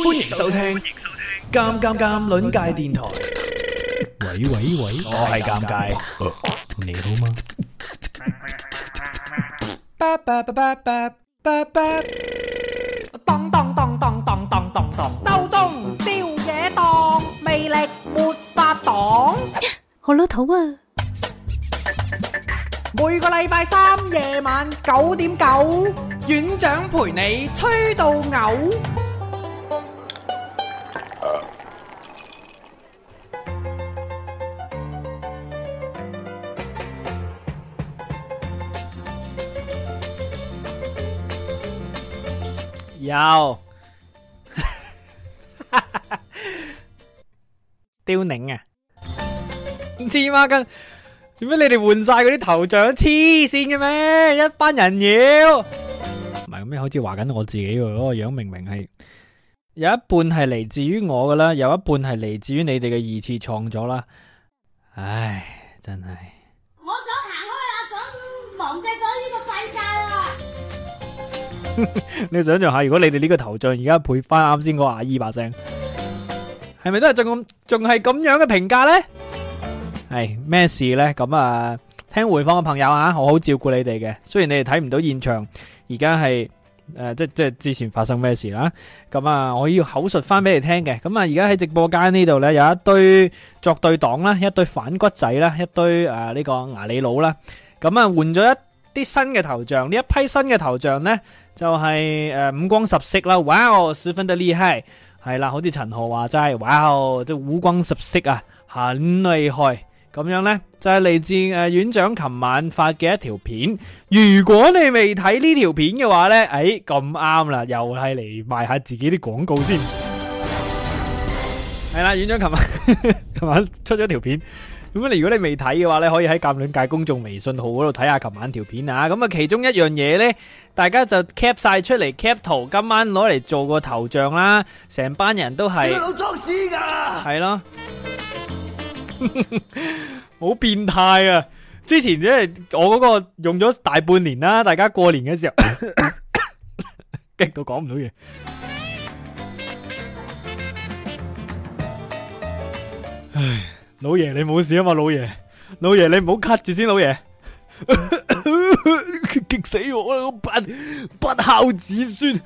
歡迎收聽《尷尷尷》鄰界電台。喂喂喂，我係尷尬，你好嗎？咚咚咚咚咚咚咚咚，周中宵夜檔，魅力冇法擋。好老土啊！每個禮拜三夜晚九點九，院長陪你吹到嘔。有，哈哈，刁擰啊！唔知嘛，咁點解你哋換晒嗰啲頭像黐綫嘅咩？一班人妖，唔係咁咩？好似話緊我自己喎，嗰個樣明明係有一半係嚟自於我噶啦，有一半係嚟自於你哋嘅二次創作啦。唉，真係。你想象下，如果你哋呢個頭像而家配翻啱先個阿姨把聲，係咪都係仲咁仲係咁樣嘅評價呢？係咩事呢？咁啊，聽回放嘅朋友啊，我好照顧你哋嘅。雖然你哋睇唔到現場，而家係誒，即即係之前發生咩事啦？咁啊，我要口述翻俾你聽嘅。咁啊，而家喺直播間呢度呢，有一堆作對黨啦，一堆反骨仔啦，一堆誒呢個牙里佬啦。咁啊，換咗一啲新嘅頭像，呢一批新嘅頭像呢。就係、是、誒、呃、五光十色啦，哇哦，十分的厲害，係啦，好似陳豪話齋，哇哦，即係五光十色啊，很厲害咁樣咧，就係、是、嚟自誒、呃、院長琴晚發嘅一條片。如果你未睇呢條片嘅話咧，誒咁啱啦，又係嚟賣下自己啲廣告先，係啦，院長琴晚琴晚出咗條片。咁你如果你未睇嘅話咧，可以喺《鑒卵界》公眾微信號嗰度睇下琴晚條片啊！咁啊，其中一樣嘢咧，大家就 cap 晒出嚟，cap 圖今晚攞嚟做個頭像啦！成班人都係老裝屎㗎，係咯，好 變態啊！之前即係我嗰個用咗大半年啦，大家過年嘅時候，激 到講唔到嘢， 唉。老爺你冇事啊嘛，老爺，老爺你唔好咳住先，老爺， 激死我啦，不不孝子孫。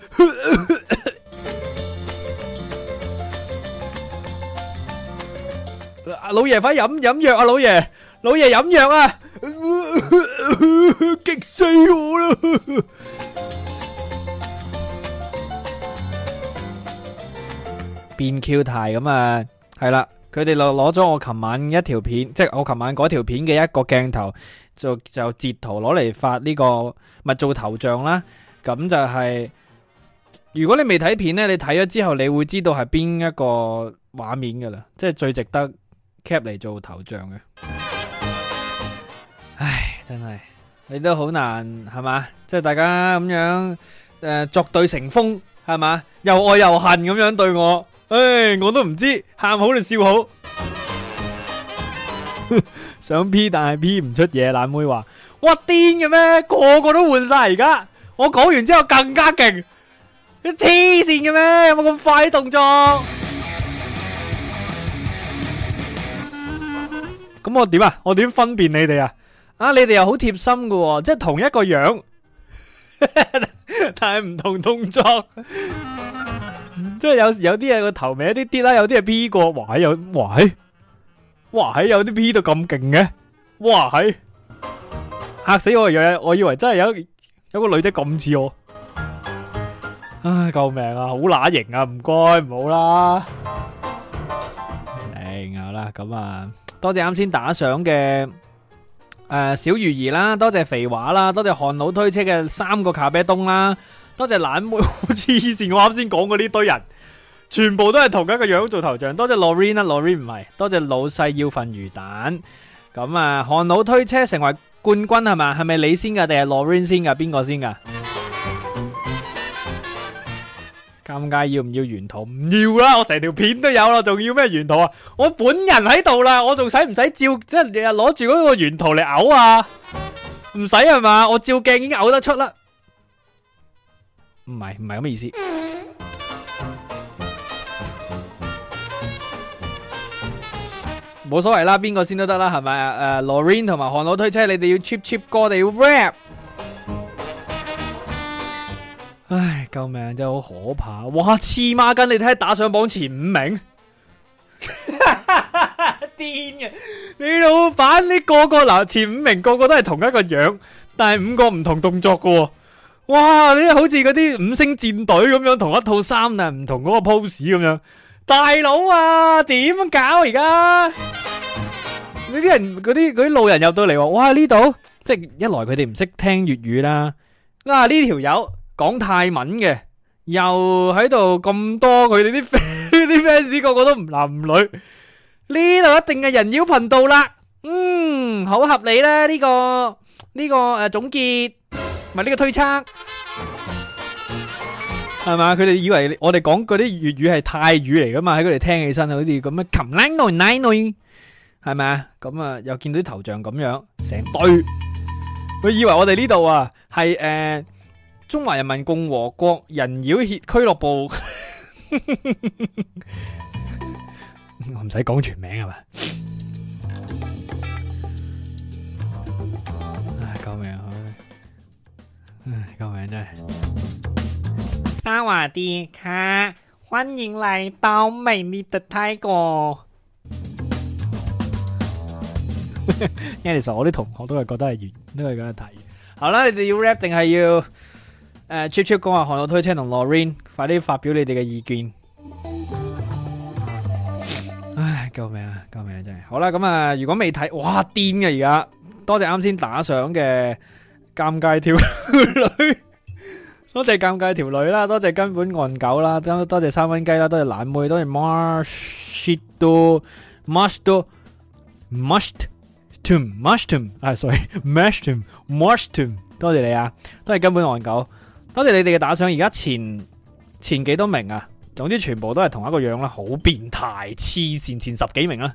老爺快飲飲藥啊，老爺，老爺飲藥啊， 激死我啦。 變 Q 態咁啊，係啦。佢哋就攞咗我琴晚一條片，即係我琴晚嗰條片嘅一個鏡頭，就就截圖攞嚟發呢、這個，咪做頭像啦。咁就係、是、如果你未睇片呢，你睇咗之後，你會知道係邊一個畫面噶啦。即係最值得 cap 嚟做頭像嘅。唉，真係你都好難係嘛？即係、就是、大家咁樣作、呃、對成風係嘛？又愛又恨咁樣對我。唉，我都唔知，喊好定笑好，想 P 但係 P 唔出嘢。懶妹話：嘩，癲嘅咩？個個都換晒而家。我講完之後更加勁，黐線嘅咩？有冇咁快嘅動作？咁我點啊？我點分辨你哋啊？啊，你哋又好貼心㗎喎，即係同一個樣，但係唔同動作。即係有有啲嘢，個頭名一啲跌啦，有啲嘢 P 過，哇嘿有，哇嘿，哇喺，有啲 P 到咁勁嘅，哇嘿，吓死我！有，我以為真係有有個女仔咁似我唉，唉救命啊，好乸型啊，唔該，唔好啦。誒好啦，咁啊多謝啱先打賞嘅誒小魚兒啦，多謝肥華啦，多謝韓佬推車嘅三個咖啡凍啦，多謝懶妹，好似以前我啱先講過呢堆人。全部都係同一個樣子做頭像，多謝 Lorraine 啊，Lorraine 唔係，多謝老細要份魚蛋。咁啊，韓老推車成為冠軍係嘛？係咪你先噶，定係 Lorraine 先噶？邊個先噶？尷尬， 要唔要原圖？唔要啦，啊，我成條片都有啦，啊，仲要咩原圖啊？我本人喺度啦，我仲使唔使照即係攞住嗰個原圖嚟嘔啊？唔使係嘛？我照鏡已經嘔得出啦。唔係唔係咁嘅意思。 冇所謂啦，邊個先都得啦，係咪啊？誒，Lorraine 同埋韓佬推車，你哋要 cheap cheap 歌我哋要 rap？唉，救命！真係好可怕。哇，黐孖筋！你睇下，打上榜前五名，癲嘅！ 你老闆，你個個嗱前五名個個都係同一個樣，但係五個唔同動作嘅、哦。哇！你好似嗰啲五星戰隊咁樣，同一套衫但唔同嗰個 pose 咁樣。大佬啊，點搞而家？呢啲，人嗰啲嗰啲路人入到嚟話，哇呢度，即係一來佢哋唔識聽粵語啦。嗱呢條友講泰文嘅，又喺度咁多佢哋啲啲 fans 個個都唔男女，呢度一定係人妖頻道啦。嗯，好合理啦呢個呢個誒，總結，咪呢個推測。係咪？佢哋以為我哋講嗰啲粵語係泰語嚟噶嘛？喺佢哋聽起身好似咁啊，係咪啊？咁啊，又見到啲頭像咁樣成堆，佢以為我哋呢度啊係誒中華人民共和國人妖協俱樂部，我唔使講全名係嘛？唉，救命！唉，救命！真係。薩瓦迪卡！歡迎嚟到美麗的泰國。因為其實我啲同學都係覺得係熱，都係覺得太熱。好啦，你哋要 rap 定係要誒？出出講下，韓路推車同羅瑞，快啲發表你哋嘅意見。唉，救命啊！救命啊！真係。好啦，咁啊，如果未睇，哇癲嘅而家，多謝啱先打賞嘅尷尬條女。多謝尷尬條女啦，多謝根本戇狗啦，多多謝三蚊雞啦，多謝懶妹，多謝 march shit o march o march tom march tom，、um, 啊 sorry march tom march tom，多謝你啊，多謝根本戇狗，多謝你哋嘅打賞，而家前前幾多名啊，總之全部都係同一個樣啦，好變態，黐線，前十幾名啊！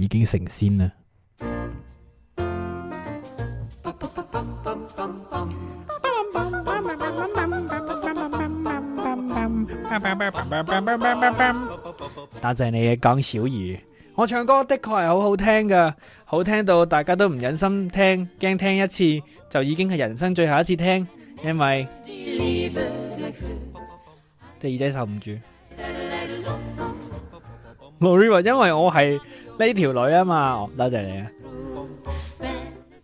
已經成仙啦！多謝你江小魚，我唱歌的確係好好聽噶，好聽到大家都唔忍心聽，驚聽一次就已經係人生最後一次聽，因為隻耳仔受唔住。Lover，因為我係。呢條女啊嘛，多謝你啊！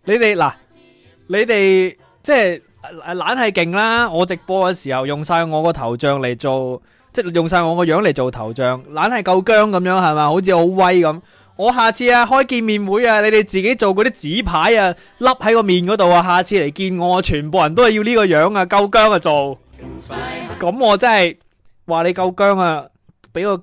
你哋嗱，你哋即係懶係勁啦！我直播嘅時候用晒我個頭像嚟做，即係用晒我個樣嚟做頭像，懶係夠僵咁樣係嘛？好似好威咁。我下次啊開見面會啊，你哋自己做嗰啲紙牌啊，笠喺個面嗰度啊！下次嚟見我，全部人都係要呢個樣啊，夠僵啊做。咁我真係話你夠僵啊，俾個。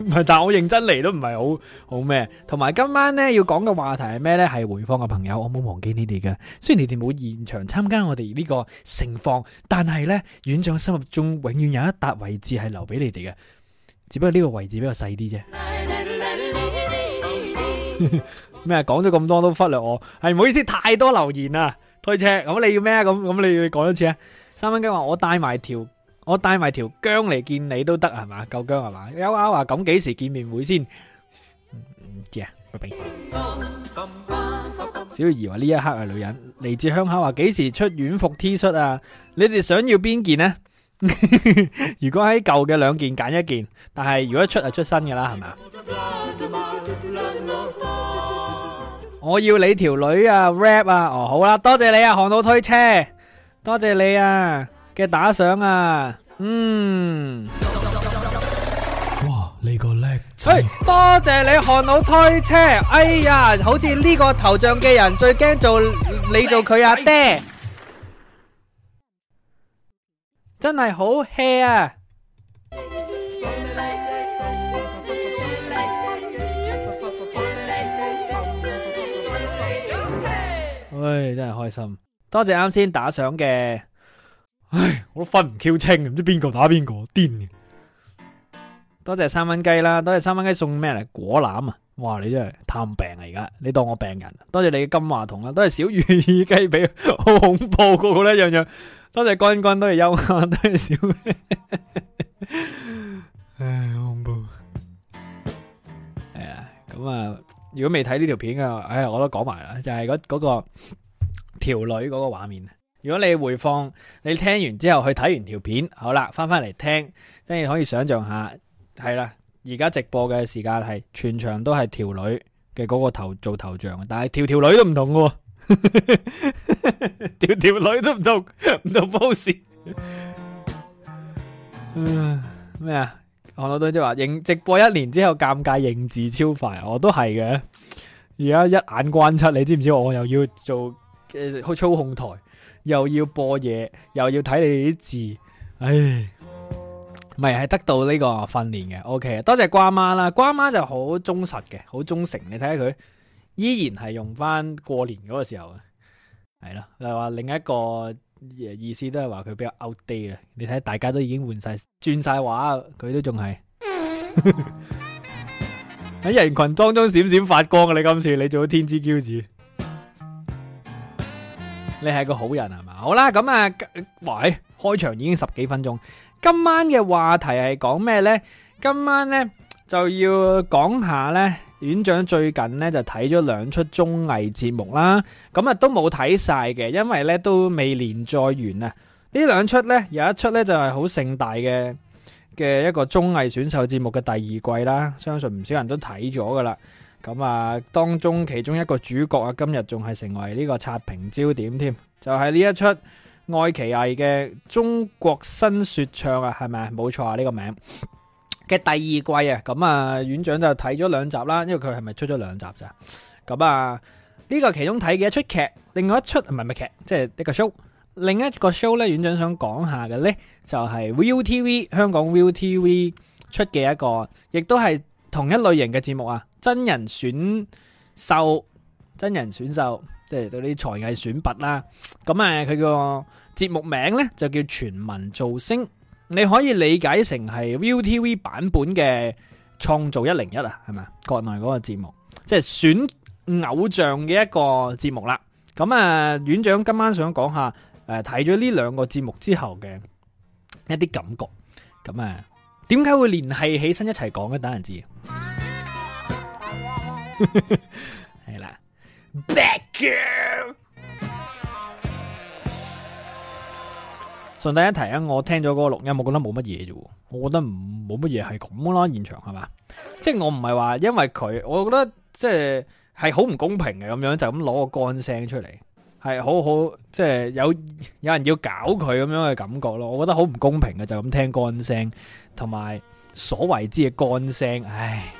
唔係， 但係我認真嚟都唔係好好咩？同埋今晚咧要講嘅話題係咩咧？係回放嘅朋友，我冇忘記你哋嘅。雖然你哋冇現場參加我哋呢個盛況，但係咧，院長心目中永遠有一笪位置係留俾你哋嘅。只不過呢個位置比較細啲啫。咩？ 講咗咁多都忽略我，係、哎、唔好意思，太多留言啦，推車。咁你要咩啊？咁咁你要講一次啊？三蚊雞話我帶埋條。我帶埋條姜嚟見你都得係嘛？夠姜係嘛？有啊話咁幾時見面會先？唔知啊，拜拜。小怡話呢一刻係女人嚟自鄉下，話幾時出院服 T 恤啊？你哋想要邊件呢？如果喺舊嘅兩件揀一件，但係如果一出就出新嘅啦，係嘛？我要你條女啊 rap 啊！哦好啦，多謝你啊，行到推車，多謝你啊！嘅打賞啊，嗯，哇，你個叻，哎，多謝你看到推車，哎呀，好似呢個頭像嘅人最驚做你做佢阿爹，害真係好 hea 啊，哎，真係開心，多謝啱先打賞嘅。唉，我都分唔 Q 清，唔知邊個打邊個癲嘅。多謝三蚊雞啦，多謝三蚊雞送咩嚟果籃啊！哇，你真係探病啊！而家你當我病人啊。多謝你嘅金話筒啊，多謝小魚耳雞俾，好恐怖，個個咧樣樣。多謝君君，多謝優，多謝小。唉，恐怖。係咁 啊，如果未睇呢條片啊，唉，我都講埋啦，就係嗰嗰個條，嗰個，女嗰個畫面。如果你回放，你聽完之後去睇完條片，好啦，翻翻嚟聽，真係可以想象下，係啦。而家直播嘅時間係全場都係條女嘅嗰個頭做頭像，但係條條女都唔同喎、哦， 條條女都唔同，唔同 pose。咩啊？我老豆即係話，直播一年之後尷尬，認字超快，我都係嘅。而家一眼關七，你知唔知？我又要做去、呃、操控台。又要播嘢，又要睇你啲字，唉，唔係係得到呢個訓練嘅。OK，多謝瓜媽啦，瓜媽就好忠實嘅，好忠誠。你睇下佢，依然係用翻過年嗰個時候嘅，係啦。又話另一個意思都係話佢比較 outdate 啦。你睇，大家都已經換晒轉晒畫佢都仲係喺人群當中閃，閃閃發光啊！你今次你做咗天之驕子。你係個好人係嘛？好啦，咁啊，喂，開場已經十幾分鐘，今晚嘅話題係講咩呢？今晚呢，就要講下呢。院長最近呢，就睇咗兩出綜藝節目啦，咁啊都冇睇晒嘅，因為呢，都未連載完啊。呢兩出呢，有一出呢，就係、是、好盛大嘅嘅一個綜藝選秀節目嘅第二季啦，相信唔少人都睇咗噶啦。咁啊、嗯，當中其中一個主角啊，今日仲係成為呢個刷屏焦點添，就係、是、呢一出愛奇藝嘅中國新說唱啊，係咪啊？冇錯啊，呢、這個名嘅第二季啊，咁、嗯、啊，院長就睇咗兩集啦，因為佢係咪出咗兩集咋？咁、嗯、啊，呢、嗯這個其中睇嘅一出劇，另外一出唔係咪劇，即係一個 show，另一個 show 咧，院長想講下嘅咧，就係、是、Viu TV 香港 Viu TV 出嘅一個，亦都係。同一類型嘅節目啊，真人選秀、真人選秀，即係嗰啲才藝選拔啦。咁誒，佢個節目名呢就叫全民造星，你可以理解成係 ViuTV 版本嘅創造101啊，係咪啊？國內嗰個節目，即係選偶像嘅一個節目啦。咁誒，院長今晚想講下誒睇咗呢兩個節目之後嘅一啲感覺，咁誒。點解會聯繫起身一齊講咧？等人知。係啦，back up。順帶一提啊，我聽咗嗰個錄音，我覺得冇乜嘢啫。我覺得唔冇乜嘢係咁咯，現場係嘛？即係我唔係話因為佢，我覺得即係係好唔公平嘅咁樣，就咁攞個乾聲出嚟。係好好即係有有人要搞佢咁樣嘅感覺咯，我覺得好唔公平嘅就咁聽乾聲，同埋所謂之嘅乾聲，唉，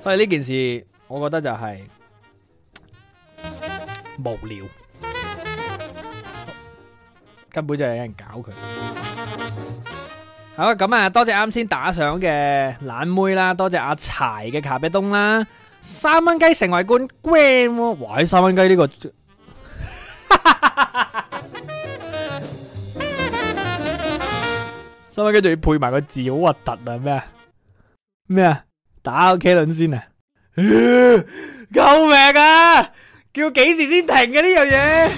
所以呢件事我覺得就係無聊，根本就係有人搞佢。好，咁啊多謝啱先打賞嘅懶妹啦，多謝阿柴嘅卡比東啦，三蚊雞成為冠 gram，哇！喺三蚊雞呢個。三蚊雞仲要配埋個字，好核突啊！咩啊？咩啊？打阿 K 倫先啊！救命啊！叫幾時先停嘅？呢樣嘢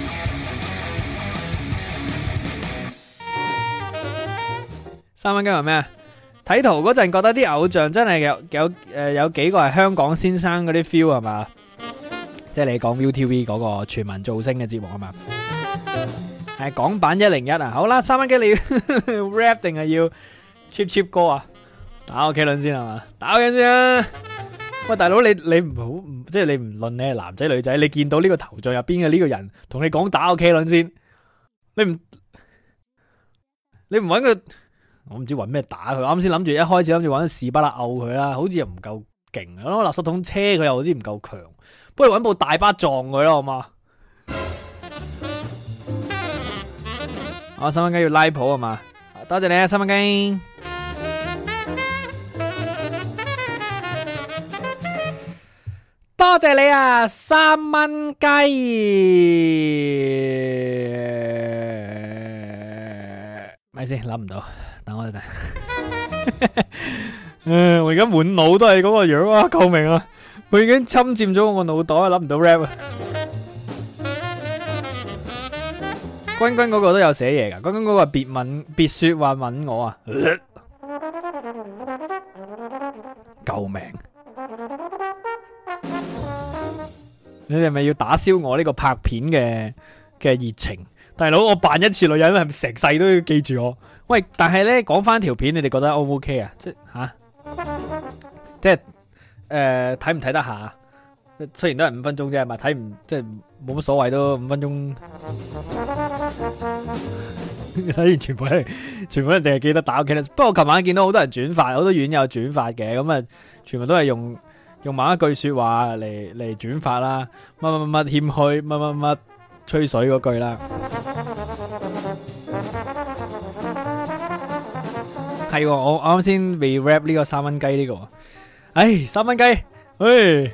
三蚊雞係咩啊？睇圖嗰陣覺得啲偶像真係有有誒有幾個係香港先生嗰啲 feel 係嘛？即係你講 ViuTV 嗰個全民造星嘅節目是 啊嘛，係港版一零一啊，好啦，三蚊雞你要 rap 定係要 cheap cheap 歌啊？打我 K 輪先係嘛？打我先啊！喂，大佬你你唔好，即係、就是、你唔論你係男仔女仔，你見到呢個頭像入邊嘅呢個人同你講打我 K 輪先，你唔你唔揾佢，我唔知揾咩打佢。啱先諗住一開始諗住玩屎巴啦勾佢啦，好似又唔夠勁，攞垃圾桶車佢又好似唔夠強。不如搵部大巴撞佢咯，好嘛？啊、哦，三蚊雞要拉譜啊嘛？多謝你，啊，三蚊雞。多謝你啊，三蚊雞。咪先諗唔到，等我哋等。嗯、 呃，我而家滿腦都係嗰個樣啊！救命啊！佢已經侵佔咗我個腦袋，諗唔到 rap 啊！君君嗰個都有寫嘢㗎，君君嗰個別問別說話問我啊！救命！你哋係咪要打消我呢個拍片嘅嘅熱情，大佬，我扮一次女人係咪成世都要記住我？喂，但係咧講返條片，你哋覺得 O 唔 OK 啊？即係吓，即、啊、係。啊誒，睇唔睇得下？雖然都係五分鐘啫，係咪睇唔即係冇乜所謂都五分鐘。睇 完全部人，全部人淨係記得打屋企啦。不過我琴晚見到好多人轉發，好多院友轉發嘅，咁啊，全部都係用用某一句說話嚟嚟轉發啦。乜乜乜乜謙虛，乜乜乜吹水嗰句啦。係、哦、我啱先未 rap 呢個三蚊雞呢個。唉、哎，三蚊雞，唉，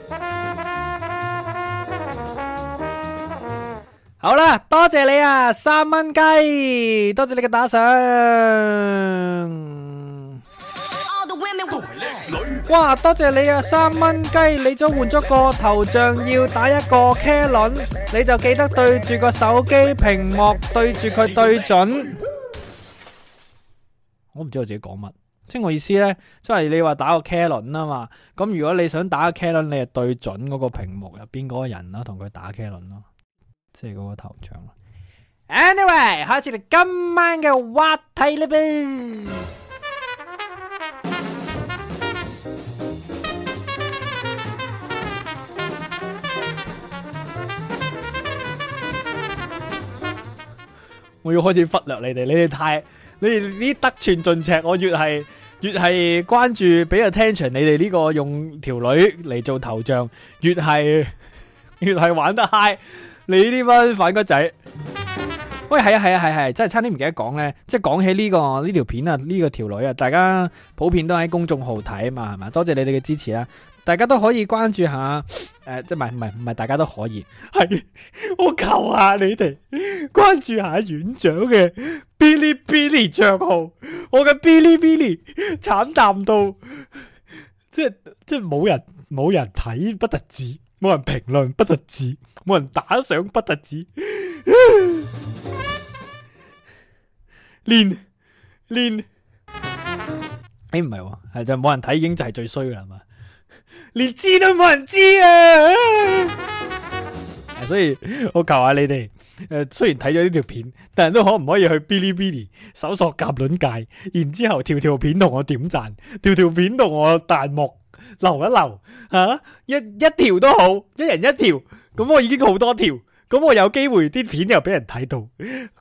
好啦，多謝你啊，三蚊雞，多謝你嘅打賞。哇，多謝你啊，三蚊雞，你都換咗個頭像，要打一個 K 輪，你就記得對住個手機屏幕，對住佢對準。我唔知道我自己講乜。即我意思咧，即係你話打個 K 輪啊嘛，咁如果你想打個 K 輪，你係對準嗰個屏幕入邊嗰個人啦，同佢打 K 輪咯，即係嗰個頭像啦。Anyway，開始你今晚嘅話題啦唄， 我要開始忽略你哋，你哋太，你哋呢得寸進尺，我越係。越係關注俾 attention 你哋呢個用條女嚟做頭像，越係越係玩得嗨。你呢班反骨仔，喂係啊係啊係係，真係、啊啊、差啲唔記得講咧。即係講起呢、這個呢條、這個、片啊，呢、這個條女啊，大家普遍都喺公眾號睇啊嘛，係嘛？多謝你哋嘅支持啦、啊。大家都可以關注下，誒、呃，即係唔係唔係唔係，大家都可以係。我求下你哋關注下院長嘅嗶哩嗶哩賬號，我嘅嗶哩嗶哩慘淡到，即係即係冇人冇人睇不得止，冇人評論不得止，冇人打賞不得止。練 練，誒唔係，係就冇人睇已經就係最衰㗎啦，係嘛？連知都冇人知啊！所以我求下你哋，誒，雖然睇咗呢條片，但係都可唔可以去嗶哩嗶哩搜索夾卵界，然之後條條片同我點讚，條條片同我彈幕留一留，吓、啊、一一條都好，一人一條，咁我已經好多條，咁我有機會啲片又俾人睇到，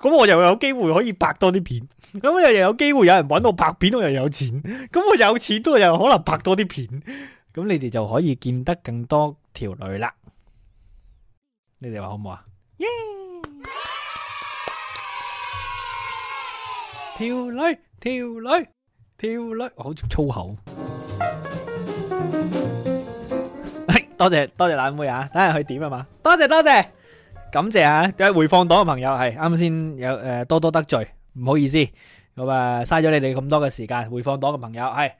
咁我又有機會可以拍多啲片，咁又又有機會有人搵我拍片，我又有錢，咁我有錢都有可能拍多啲片。咁你哋就可以見得更多條女啦，你哋話好唔好啊？耶！條女，條女，條女，我好粗口。誒，多謝多謝懶妹啊，等下去點啊嘛。多謝多謝，感謝啊，啲回放檔嘅朋友係啱先有誒，多多得罪，唔好意思，咁啊嘥咗你哋咁多嘅時間，回放檔嘅朋友係。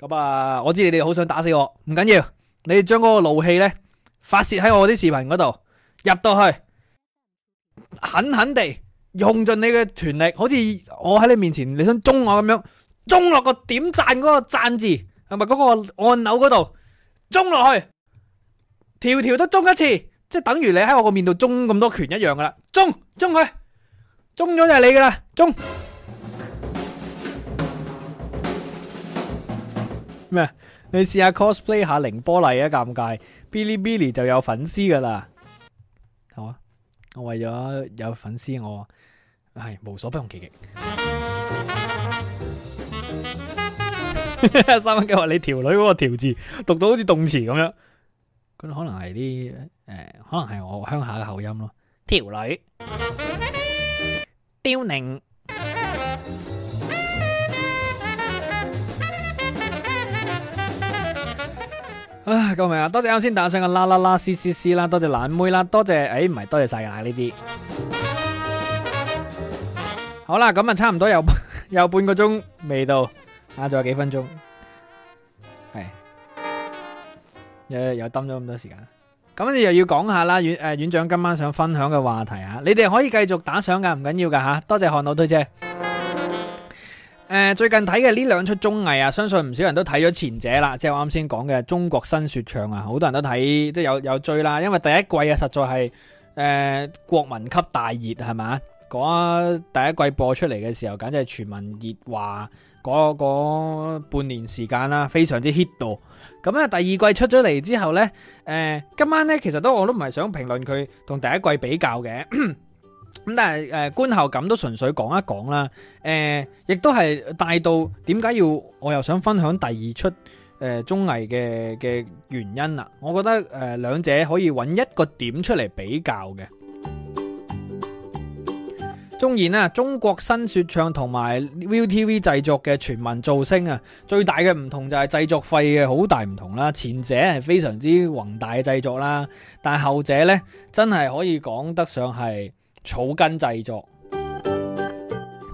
咁啊！我知你哋好想打死我，唔緊要。你哋將嗰個怒氣咧發洩喺我啲視頻嗰度，入到去，狠狠地用盡你嘅權力，好似我喺你面前你想中我咁樣，中落個點讚嗰個讚字，係咪嗰個按鈕嗰度，中落去，條條都中一次，即係等於你喺我個面度中咁多拳一樣噶啦，中，中佢，中咗就係你噶啦，中。咩？你試下 cosplay 下凌波麗啊！尷尬，嗶哩嗶哩就有粉絲噶啦，係嘛？我為咗有粉絲，我係無所不用其極。三蚊雞話你條女嗰個條字讀到好似動詞咁樣，咁可能係啲誒，可能係我鄉下嘅口音咯，條女，刁寧。啊，救命啊！多謝啱先打賞嘅，啦啦啦，C C C 啦，多謝懶妹啦，多謝，誒，唔係多謝晒噶呢啲。好啦，咁啊差唔多有有半個鐘未到，仲有幾分鐘，係，又又抌咗咁多時間。咁你又要講下啦，院誒院長今晚想分享嘅話題吓，你哋可以繼續打賞噶，唔緊要噶吓，多謝韓老對姐。誒，最近睇嘅呢兩出綜藝啊，相信唔少人都睇咗前者啦，即係我啱先講嘅《中國新說唱》啊，好多人都睇，即係有有追啦，因為第一季啊實在係誒、呃、國民級大熱係咪？講第一季播出嚟嘅時候，簡直係全民熱話，嗰半年時間啦，非常之 hit 到。咁咧第二季出咗嚟之後呢，誒、呃、今晚呢，其實都我都唔係想評論佢同第一季比較嘅。咁但係誒、呃，觀後感都純粹講一講啦。誒、呃，亦都係帶到點解要我又想分享第二出誒綜藝嘅嘅原因啦。我覺得誒兩、呃、者可以揾一個點出嚟比較嘅。縱、嗯、然啦，中國新說唱同埋 ViuTV 製作嘅全民造星啊，最大嘅唔同就係製作費嘅好大唔同啦。前者係非常之宏大嘅製作啦，但係後者呢，真係可以講得上係。草根製作，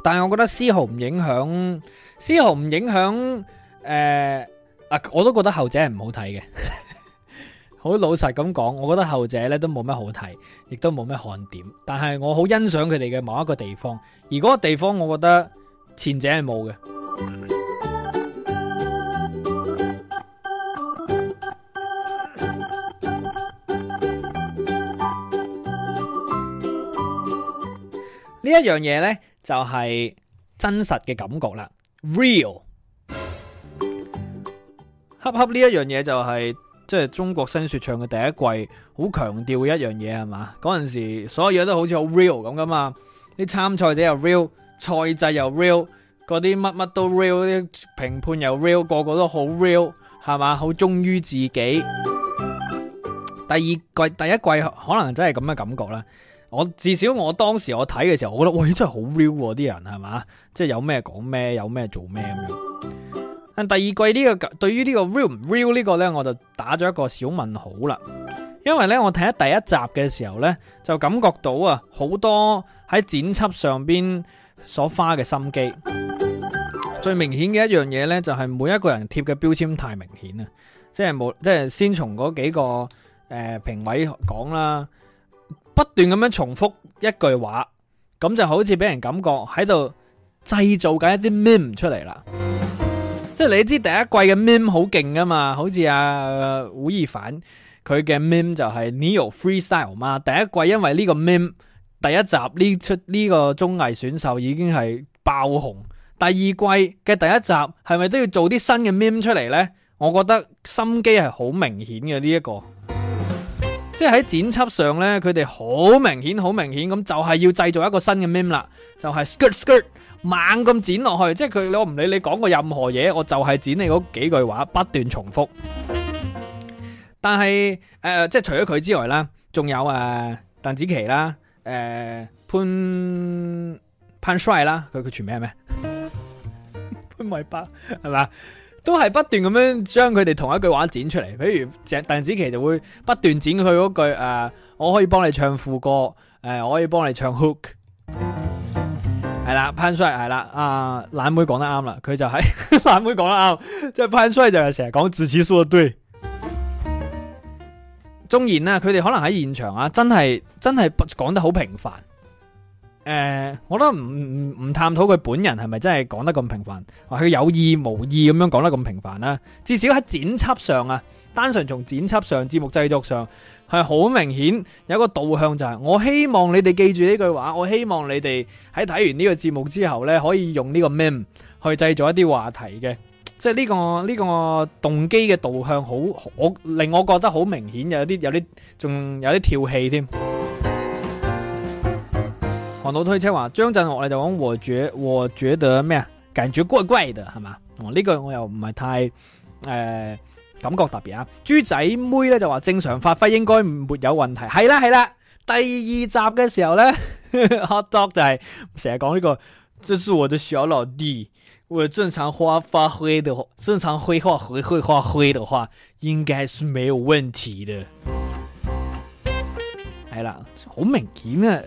但係我覺得絲毫唔影響，絲毫唔影響。誒、呃、啊，我都覺得後者係唔好睇嘅，好 老實咁講，我覺得後者咧都冇乜好睇，亦都冇乜看點。但係我好欣賞佢哋嘅某一個地方，而嗰個地方我覺得前者係冇嘅。呢一樣嘢呢，就係真實嘅感覺啦，real。恰恰呢一樣嘢就係即係中國新說唱嘅第一季，好強調嘅一樣嘢係嘛？嗰陣時所有嘢都好似好 real 咁噶嘛？啲參賽者又 real，賽制又 real，嗰啲乜乜都 real，啲評判又 real，個個都好 real 係嘛？好忠於自己。第二季第一季可能真係咁嘅感覺啦。我至少我當時我睇嘅時候，我覺得喂，真係好 real 啲人係嘛，即係有咩講咩，有咩做咩咁樣。但第二季呢，呢個對於呢個 real 唔 real 呢個呢，我就打咗一個小問號啦。因為呢，我睇第一集嘅時候呢，就感覺到啊，好多喺剪輯上邊所花嘅心機。最明顯嘅一樣嘢呢，就係、是、每一個人貼嘅標籤太明顯啦。即係冇，即係先從嗰幾個誒評、呃、委講啦。不斷咁樣重複一句話，咁就好似俾人感覺喺度製造緊一啲 meme 出嚟啦。即係 你知道第一季嘅 meme 好勁噶嘛，好似阿吳亦凡佢嘅 meme 就係 Neo Freestyle 嘛。第一季因為呢個 meme 第一集呢出呢個綜藝選手已經係爆紅，第二季嘅第一集係咪都要做啲新嘅 meme 出嚟呢？我覺得心機係好明顯嘅呢一個。即係喺剪輯上咧，佢哋好明顯，好明顯咁就係要製造一個新嘅 meme 啦，就係、是、skirt skirt 猛咁剪落去，即係佢我唔理你講過任何嘢，我就係剪你嗰幾句話不斷重複。但係誒、呃，即係除咗佢之外啦，仲有誒鄧、呃、紫棋啦，誒、呃、潘潘帥啦，佢佢全名係咩？潘瑋柏，係 咪樂？ 都係不斷咁樣將佢哋同一句話剪出嚟，譬如鄭鄧紫棋就會不斷剪佢嗰句誒、呃，我可以幫你唱副歌，誒、呃，我可以幫你唱 hook，係啦，潘帥係啦，啊， 懶、呃、妹講得啱啦，佢就係、是、懶妹講得啱，即係潘帥就成日講自己說得對，縱然咧、啊，佢哋可能喺現場啊，真係真係講得好平凡。誒，uh, 我都唔唔唔探討佢本人係咪真係講得咁平凡，話、啊、佢有意無意咁樣講得咁平凡啦、啊。至少喺剪輯上啊，單純從剪輯上、節目製作上，係好明顯有一個導向、就係，就係我希望你哋記住呢句話，我希望你哋喺睇完呢個節目之後呢，可以用呢個 meme 去製造一啲話題嘅，即係、呢、呢個呢、呢個動機嘅導向好，我令我覺得好明顯有啲有啲仲有啲跳戲添。我都推車話張震岳咧就講，我覺得我覺得咩啊，感覺怪怪嘅係嘛？哦呢、這個我又唔係太誒、呃、感覺特別啊。豬仔妹咧就話正常發揮應該沒有問題。係啦係啦，第二集嘅時候咧，hot dog 就係成日講呢個，這是我的小老弟，我正常發發揮的話，正常揮話揮揮話揮的話，應該是沒有問題的。係啦，好明顯啊。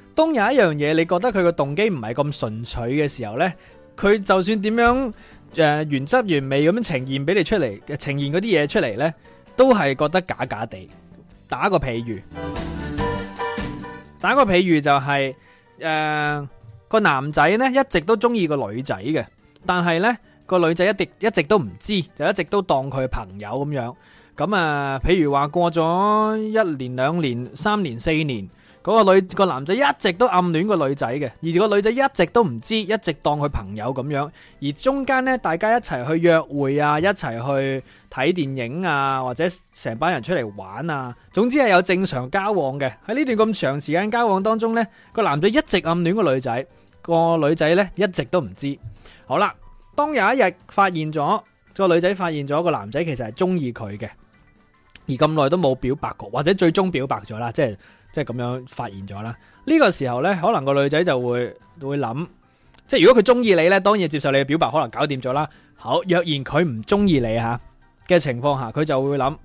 當有一樣嘢你覺得佢個動機唔係咁純粹嘅時候呢，佢就算點樣誒、呃、原汁原味咁樣呈現俾你出嚟、呃、呈現嗰啲嘢出嚟呢都係覺得假假地。打個譬喻，打個譬喻就係、是、誒、呃、個男仔呢一直都中意個女仔嘅，但係呢個女仔一直一直都唔知，就一直都當佢係朋友咁樣。咁啊，譬、呃、如話過咗一年、兩年、三年、四年。個女個男仔一直都暗戀個女仔嘅，而個女仔一直都唔知，一直當佢朋友咁樣。而中間呢，大家一齊去約會啊，一齊去睇電影啊，或者成班人出嚟玩啊，總之係有正常交往嘅。喺呢段咁長時間交往當中呢，個男仔一直暗戀個女仔，個女仔呢一直都唔知。好啦，當有一日發現咗，個女仔發現咗個男仔其實係中意佢嘅，而咁耐都冇表白過，或者最終表白咗啦，即係。即係咁樣發現咗啦，呢個時候呢，可能個女仔就會會諗，即係如果佢中意你呢，當然接受你嘅表白，可能搞掂咗啦。好，若然佢唔中意你吓嘅情況下，佢就會諗，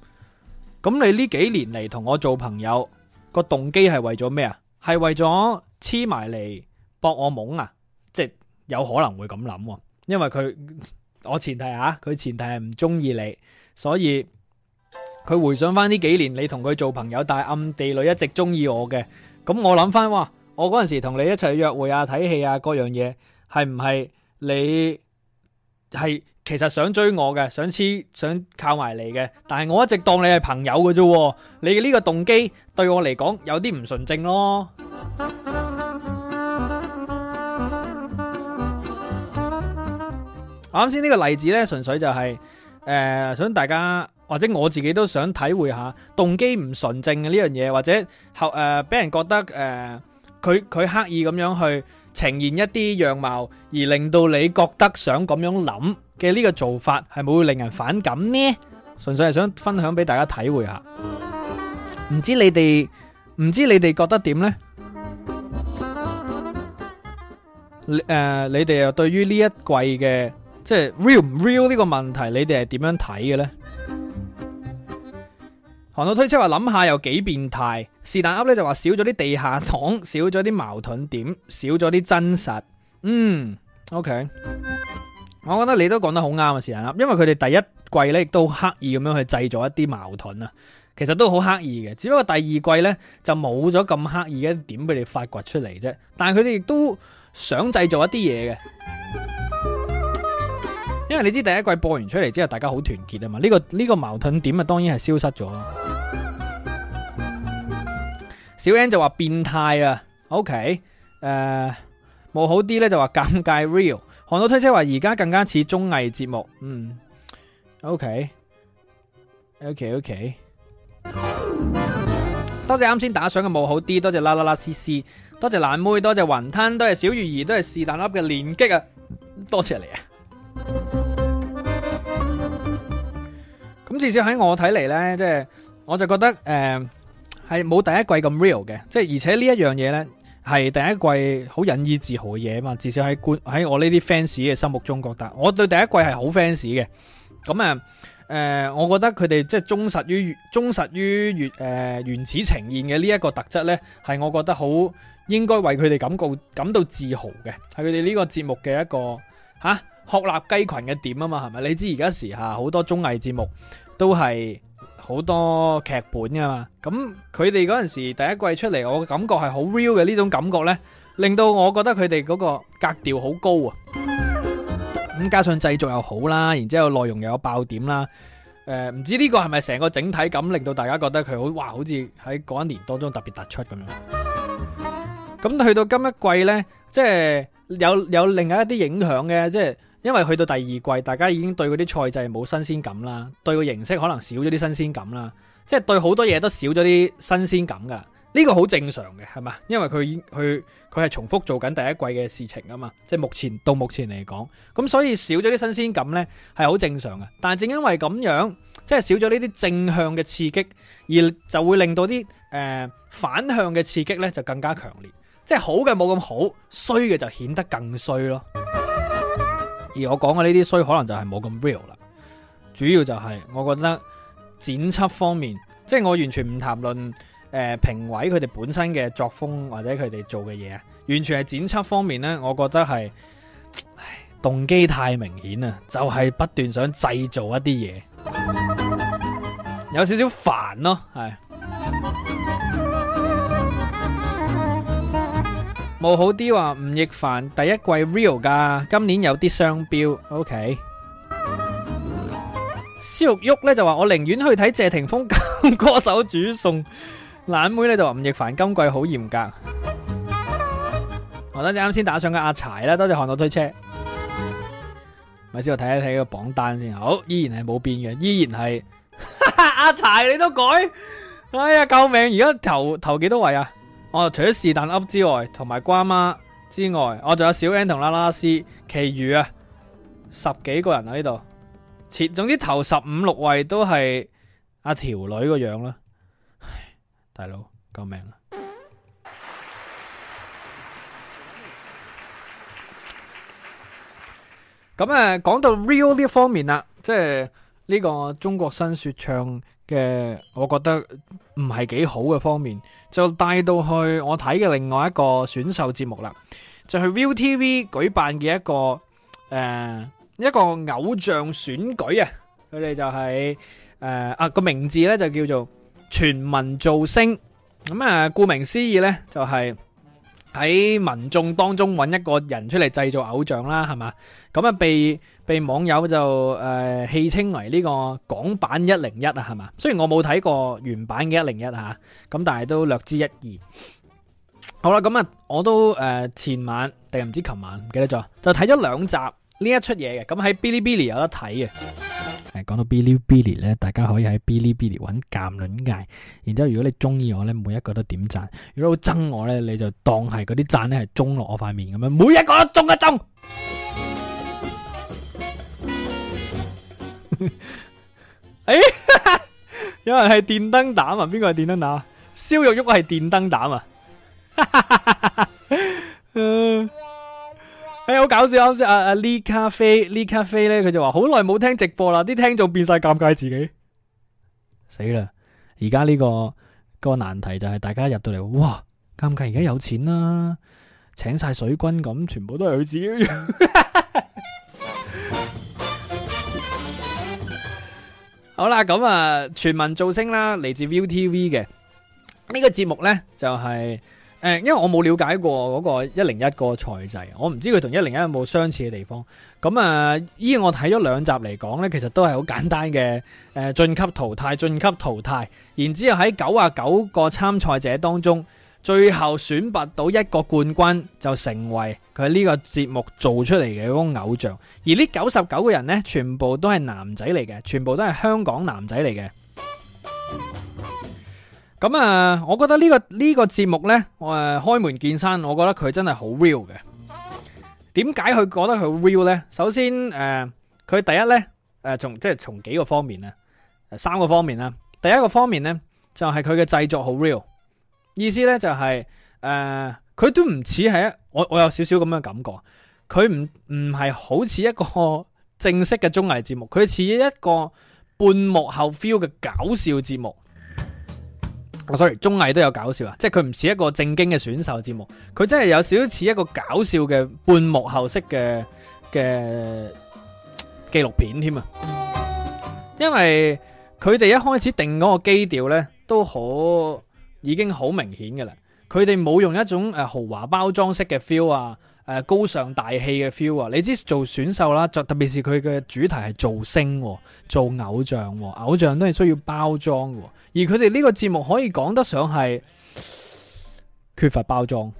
咁你呢幾年嚟同我做朋友個動機係為咗咩啊？係為咗黐埋嚟博我懵啊？即係有可能會咁諗，因為佢我前提吓，佢前提係唔中意你，所以。佢回想翻呢幾年，你同佢做朋友，但係暗地裏一直中意我嘅。咁我諗翻，哇！我嗰陣時同你一齊約會啊、睇戲啊，各樣嘢，係唔係你係其實想追我嘅，想黐、想靠埋嚟嘅？但係我一直當你係朋友嘅啫，你呢個動機對我嚟講有啲唔純正咯。啱先呢個例子咧，純粹就係、是、誒、呃、想大家。或者我自己都想體會下動機唔純正嘅呢樣嘢，或者後誒俾人覺得誒佢，佢刻意咁樣去呈現一啲樣貌，而令到你覺得想咁樣諗嘅呢個做法，係咪會令人反感呢？純粹係想分享俾大家體會下。唔知你哋唔知你哋覺得點呢？誒，你哋又對於呢一季嘅即係 real 唔 real 呢個問題，你哋係點樣睇嘅呢？行到推車話諗下又幾變態，是但噏咧就話少咗啲地下黨，少咗啲矛盾點，少咗啲真實。嗯，OK，我覺得你都講得好啱啊，是但噏，因為佢哋第一季咧亦都刻意咁樣去製造一啲矛盾啊，其實都好刻意嘅，只不過第二季呢就冇咗咁刻意嘅點俾你發掘出嚟啫，但係佢哋亦都想製造一啲嘢嘅。因為你知第一季播完出嚟之後，大家好團結啊嘛，呢、這個呢、這個矛盾點啊，當然係消失咗。小 N 就話變態啊，OK，誒、呃，冇好啲咧就話尷尬，real。韓老推車話而家更加似綜藝節目，嗯，OK，OK，OK。OK, OK, OK, 多謝啱先打賞嘅冇好啲，多謝啦啦啦 C C，多謝懶妹，多謝雲吞，都係小魚兒，都係是但粒嘅連擊啊，多謝你啊！咁至少喺我睇嚟呢，即係我就覺得誒係冇第一季咁 real 嘅。即係而且呢一樣嘢呢，係第一季好引以自豪嘅嘢啊嘛。至少喺觀喺我呢啲 fans 嘅心目中，覺得我對第一季係好 fans 嘅。咁啊誒，我覺得佢哋即係忠實於忠實於、呃、原始呈現嘅呢一個特質呢，係我覺得好應該為佢哋感到感到自豪嘅，係佢哋呢個節目嘅一個吓。學立雞群嘅點啊嘛，係咪？你知而家時下好多綜藝節目都係好多劇本噶嘛。咁佢哋嗰陣時候第一季出嚟，我感覺係好 real 嘅呢種感覺呢，令到我覺得佢哋嗰個格調好高啊。咁加上製作又好啦，然之後內容又有爆點啦。誒、呃，唔知呢個係咪成個整體感令到大家覺得佢好哇？好似喺嗰一年當中特別突出咁樣。咁去到今一季呢，即係有有另外一啲影響嘅，即係。因為去到第二季，大家已經對嗰啲賽制冇新鮮感啦，對個形式可能少咗啲新鮮感啦，即係對好多嘢，都少咗啲新鮮感噶。呢個好正常嘅，係嘛？因為佢佢佢係重複做緊第一季嘅事情啊嘛。即係目前到目前嚟講，咁所以少咗啲新鮮感呢係好正常嘅。但係正因為咁樣，即係少咗呢啲正向嘅刺激，而就會令到啲誒、呃、反向嘅刺激呢就更加強烈，即係好嘅冇咁好，衰嘅就顯得更衰咯。而我講嘅呢啲衰可能就係冇咁 real 啦，主要就係我覺得剪輯方面，即係我完全唔談論誒評委佢哋本身嘅作風或者佢哋做嘅嘢啊，完全係剪輯方面呢，我覺得係，唉，動機太明顯啦，就係不斷想製造一啲嘢，有少少煩咯，係。冇好啲話，吳亦凡第一季 real 噶，今年有啲雙標。OK，肖玉旭咧就話我寧願去睇謝霆鋒歌手煮餸，懶妹咧就話吳亦凡今季好嚴格。多謝啱先打上嘅阿柴啦，多謝看到推車。咪先我睇一睇個榜單先，好，依然係冇變嘅，依然係阿柴你都改，哎呀救命！而家投投幾多位啊？我除咗是但噏之外，同埋瓜媽之外，我仲有小 N 同啦啦斯，其餘啊十幾個人啊呢度，切總之頭十五六位都係阿條女個樣啦，大佬救命啦！咁啊，講、嗯、到 real 呢一方面啦，即係呢個中國新說唱。嘅，我覺得唔係幾好嘅方面，就帶到去我睇嘅另外一個選秀節目啦，就係 ViuTV 舉辦嘅一個誒一個偶像選舉啊，佢哋就係誒啊個名字咧就叫做全民造星，咁啊顧名思義咧就係。喺民眾當中揾一個人出嚟製造偶像啦，係嘛？咁啊，被被網友就誒戲、呃、稱為呢個港版一零一啊，係嘛？雖然我冇睇過原版嘅一零一吓，咁但係都略知一二。好啦，咁啊，我都誒、呃、前晚定係唔知琴晚，唔記得咗，就睇咗兩集呢一出嘢嘅，咁喺 Bilibili 有得睇嘅。講到嗶哩嗶哩咧，大家可以喺嗶哩嗶哩揾鑑論界。然之後如果你中意我呢，每一個都點讚；如果好憎我呢，你就當係嗰啲讚呢係中落我塊面咁樣，每一個都中一、啊、中。誒，有人係電燈膽啊？邊個係電燈膽、啊？蕭玉喐係電燈膽啊！ 啊誒，好、欸、搞笑啊！啱先，阿阿呢咖啡呢咖啡咧，佢就話好耐冇聽直播啦，啲聽眾變晒尷尬自己，死啦！而家呢個、那個難題就係大家入到嚟，哇，尷尬！而家有錢啦，請晒水軍，咁全部都係佢自己。 好啦，咁啊，全民造星啦，嚟自 ViuTV 嘅、這個、呢個節目咧，就係、是。因為我冇了解過嗰個一零一個賽制，我唔知佢同一零一有冇相似嘅地方。咁啊，依我睇咗兩集嚟講呢，其實都係好簡單嘅，誒、呃、晉級淘汰、晉級淘汰，然之後喺九啊九個參賽者當中，最後選拔到一個冠軍，就成為佢呢個節目做出嚟嘅嗰個偶像。而呢九十九個人呢，全部都係男仔嚟嘅，全部都係香港男仔嚟嘅。 咁啊、嗯，我覺得呢、呢個呢、呢個節目呢，我、呃、誒，開門見山，我覺得佢真係好 real 嘅。點解佢覺得佢 real 呢？首先誒，佢、呃、第一呢，誒、呃，從即係從幾個方面咧，三個方面啦。第一個方面呢，就係佢嘅製作好 real，意思呢，就係、是、誒，佢、呃、都唔似係一，我我有少少咁樣感覺，佢唔唔係好似一個正式嘅綜藝節目，佢似一個半幕後 feel 嘅搞笑節目。我 sorry，綜藝都有搞笑啊，即係佢唔似一個正經嘅選秀節目，佢真係有少少似一個搞笑嘅半幕後式嘅嘅紀錄片添啊，因為佢哋一開始定嗰個基調呢，都好已經好明顯㗎啦，佢哋冇用一種誒豪華包裝式嘅 feel 啊。高尚大氣嘅 feel 啊！你知做選秀啦，就特別是佢嘅主題係造星、做偶像，偶像都係需要包裝嘅。而佢哋呢個節目可以講得上係缺乏包裝，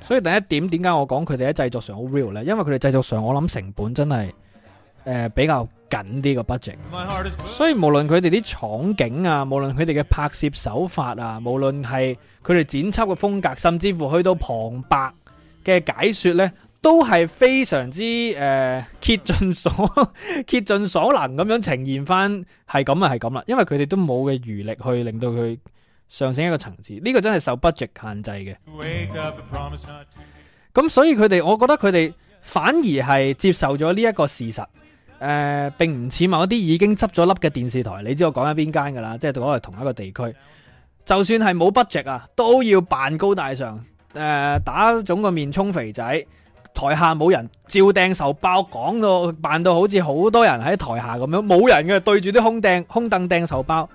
所以第一點點解我講佢哋喺製作上好 real 呢？因為佢哋製作上我諗成本真係、呃、比較，緊啲個 budget，所以無論佢哋啲場景啊，無論佢哋嘅拍攝手法啊，無論係佢哋剪輯嘅風格，甚至乎去到旁白嘅解說呢，都係非常之誒、呃、竭盡所竭盡所能咁樣呈現翻係咁啊，係咁啦，因為佢哋都冇嘅餘力去令到佢上升一個層次，呢、呢個真係受 budget 限制嘅。咁所以佢哋，我覺得佢哋反而係接受咗呢一個事實。誒、呃、並唔似某一啲已經執咗笠嘅電視台，你知道我講緊邊間㗎啦？即係同我係同一個地區，就算係冇 budget 啊，都要扮高大上，誒、呃、打腫個面充肥仔，台下冇人照，照掟手包，講到扮到好似好多人喺台下咁樣，冇人嘅對住啲空凳空凳掟手包，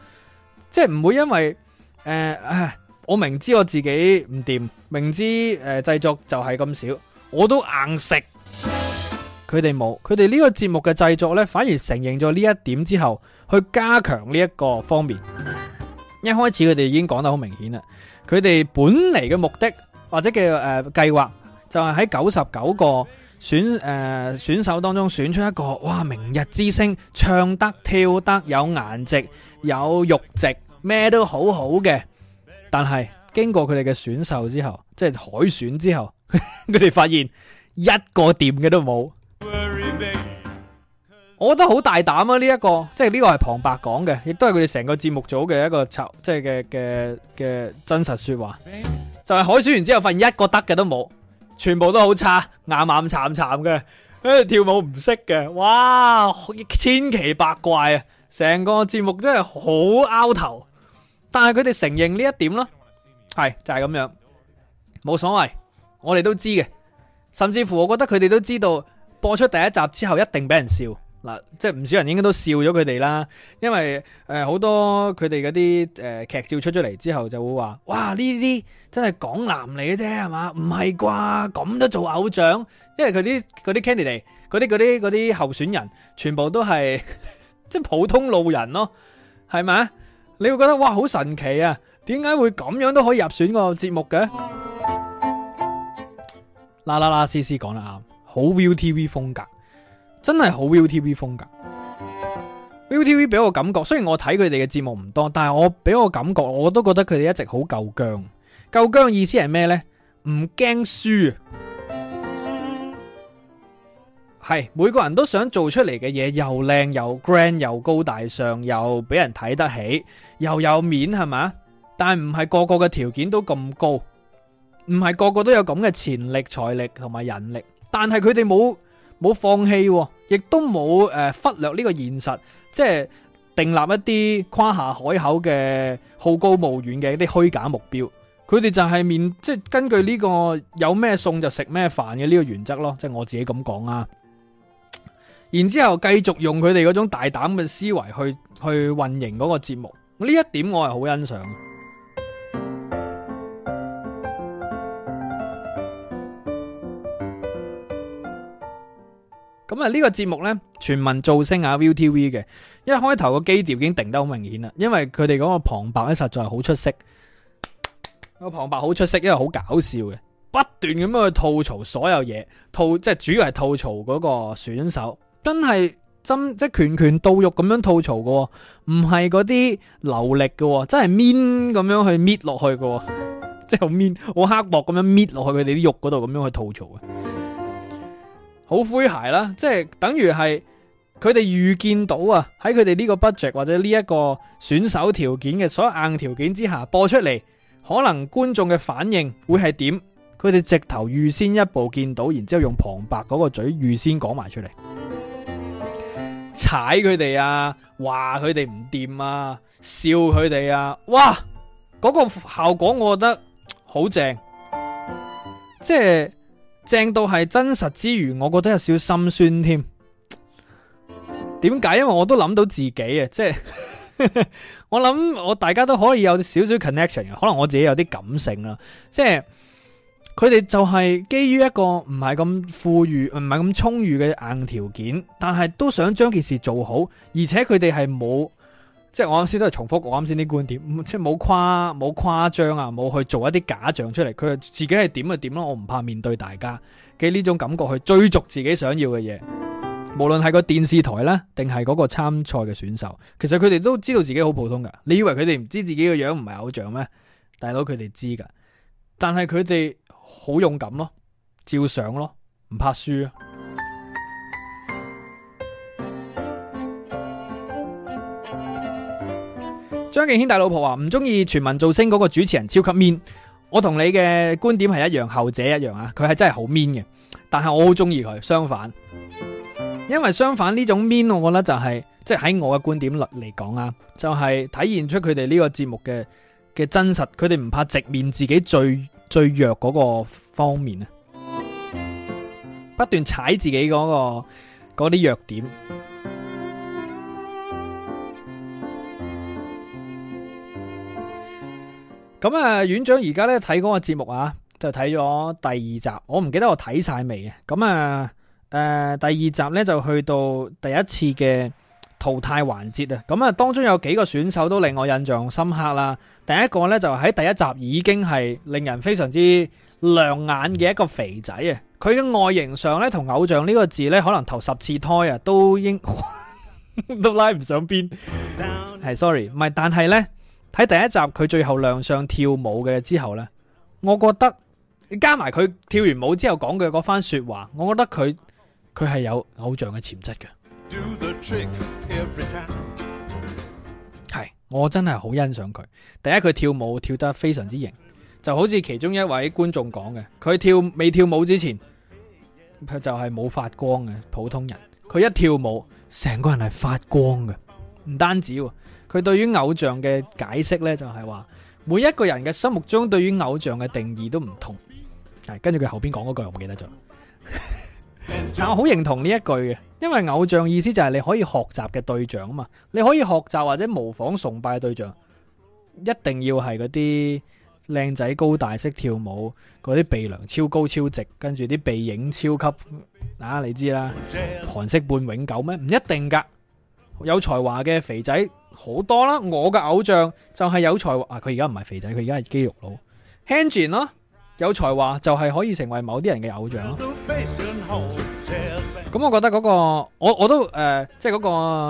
即係唔會因為誒、呃、我明知我自己唔掂，明知誒、呃、製作就係咁少，我都硬食。佢哋冇，佢哋呢個節目嘅製作呢，反而承認咗呢一點之後，去加強呢一個方面。一開始佢哋已經講得好明顯啦，佢哋本嚟嘅目的或者叫誒計劃，就係喺九十九個選誒、呃、選手當中選出一個，哇！明日之星，唱得跳得，有顏值，有肉值，咩都好好嘅。但係經過佢哋嘅選秀之後，即係海選之後，佢 哋發現一個掂嘅都冇。我覺得好大膽啊！呢、這個、一個即係呢個係旁白講嘅，亦都係佢哋成個節目組嘅一個即係嘅嘅嘅真實說話。就係、是、海選完之後，發現一個得嘅都冇，全部都好差，眼眼慘慘嘅。跳舞唔識嘅，哇，千奇百怪啊！成個節目真係好拗頭，但係佢哋承認呢一點咯，係就係、是、咁樣冇所謂，我哋都知嘅。甚至乎，我覺得佢哋都知道播出第一集之後一定俾人笑。嗱，即係唔少人應該都笑咗佢哋啦，因為誒好、呃、多佢哋嗰啲誒劇照出咗嚟之後，就會話，哇呢啲真係港男嚟嘅啫，係嘛？唔係啩？咁都做偶像？因為佢啲嗰啲 candidate，啲嗰啲啲候選人，全部都係 即係普通路人咯，係咪？你會覺得哇好神奇啊？點解會咁樣都可以入選個節目嘅？ 啦啦啦！思思講得啱，好 ViuTV 風格。真係好 ViuTV 風格，ViuTV 俾我感覺，雖然我睇佢哋嘅節目唔多，但係我俾我感覺，我都覺得佢哋一直好夠薑。夠薑意思係咩呢？唔驚輸，係每個人都想做出嚟嘅嘢又靚又 grand 又高大上又俾人睇得起又有面係咪？但唔係個個嘅條件都咁高，唔係個個都有咁嘅潛力財力同埋人力，但係佢哋冇冇放棄、哦。亦都冇忽略呢個現實，即係訂立一啲誇下海口嘅好高騖遠嘅一啲虛假目標。佢哋就係面即係根據呢個有咩餸就食咩飯嘅呢個原則咯，即係我自己咁講啊。然之後繼續用佢哋嗰種大膽嘅思維去去運營嗰個節目，呢一點我係好欣賞。咁啊！呢個節目呢，全民造聲啊，ViuTV 嘅。一開頭個基調已經定得好明顯啦，因為佢哋嗰個旁白呢，實在係好出色。個 旁白好出色，因為好搞笑嘅，不斷咁樣去吐槽所有嘢，吐即係主要係吐槽嗰個選手，真係真即係拳拳到肉咁樣吐槽嘅，唔係嗰啲流力嘅，真係 mean 咁樣去搣落去嘅，即係好 mean 好刻薄咁樣搣落去佢哋啲肉嗰度咁樣去吐槽嘅。好詼諧啦，即係等於係佢哋預見到啊，喺佢哋呢個 budget 或者呢一個選手條件嘅所有硬條件之下播出嚟，可能觀眾嘅反應會係點？佢哋直頭預先一步見到，然之後用旁白嗰個嘴預先講埋出嚟，踩佢哋啊，話佢哋唔掂啊，笑佢哋啊，哇！嗰個效果我覺得好正，即係。正到係真實之餘，我覺得有少心酸添。點解？因為我都諗到自己啊，即係 我諗我大家都可以有少少 connection，可能我自己有啲感性啦。即係佢哋就係基於一個唔係咁富裕、唔係咁充裕嘅硬條件，但係都想將件事做好，而且佢哋係冇。即係我啱先都係重複我啱先啲觀點，即係冇誇冇誇張啊，冇去做一啲假象出嚟。佢係自己係點就點咯，我唔怕面對大家嘅呢種感覺去追逐自己想要嘅嘢。無論係個電視台呢，定係嗰個參賽嘅選手，其實佢哋都知道自己好普通噶。你以為佢哋唔知自己個樣唔係偶像咩？大佬佢哋知噶，但係佢哋好勇敢咯，照相咯，唔怕輸。張敬軒大老婆話唔中意全民造星嗰個主持人超級 mean。我同你嘅觀點係一樣，後者一樣啊。佢係真係好 mean 嘅，但係我好中意佢。相反，因為相反呢種 mean，我覺得就係即係喺我嘅觀點嚟嚟講啊，就係、是、體現出佢哋呢個節目嘅嘅真實。佢哋唔怕直面自己最最弱嗰個方面啊，不斷踩自己嗰、那個嗰啲弱點。咁啊，院長而家咧睇嗰個節目啊，就睇咗第二集，我唔記得我睇晒未啊？咁啊，誒，第二集咧就去到第一次嘅淘汰環節啊。咁啊，當中有幾個選手都令我印象深刻啦。第一個咧就喺第一集已經係令人非常之亮眼嘅一個肥仔啊。佢嘅外形上咧同偶像呢個字咧，可能投十次胎啊，都應 都拉唔上邊。係 Down,，sorry，唔係，但係咧。喺第一集佢最後亮相跳舞嘅之後呢，我覺得你加埋佢跳完舞之後講嘅嗰番說話，我覺得佢佢係有偶像嘅潛質嘅。係我真係好欣賞佢。第一佢跳舞跳得非常之型，就好似其中一位觀眾講嘅，佢跳未跳舞之前佢就係冇發光嘅普通人，佢一跳舞成個人係發光嘅，唔單止。佢對於偶像嘅解釋呢，就係話每一個人嘅心目中對於偶像嘅定義都唔同。係跟住佢後邊講嗰句，我唔記得咗。但我好認同呢一句嘅，因為偶像意思就係你可以學習嘅對象啊嘛，你可以學習或者模仿崇拜嘅對象，一定要係嗰啲靚仔、高大、識跳舞，嗰啲鼻梁超高超直，跟住啲鼻影超級嗱、啊，你知啦，韓式半永久咩？唔一定噶，有才華嘅肥仔。好多啦！我嘅偶像就係有才華啊！佢而家唔係肥仔，佢而家係肌肉佬 Henderson 咯，Hand、in, 有才華就係可以成為某啲人嘅偶像咯。咁我覺得嗰、嗰個我我都誒，即係嗰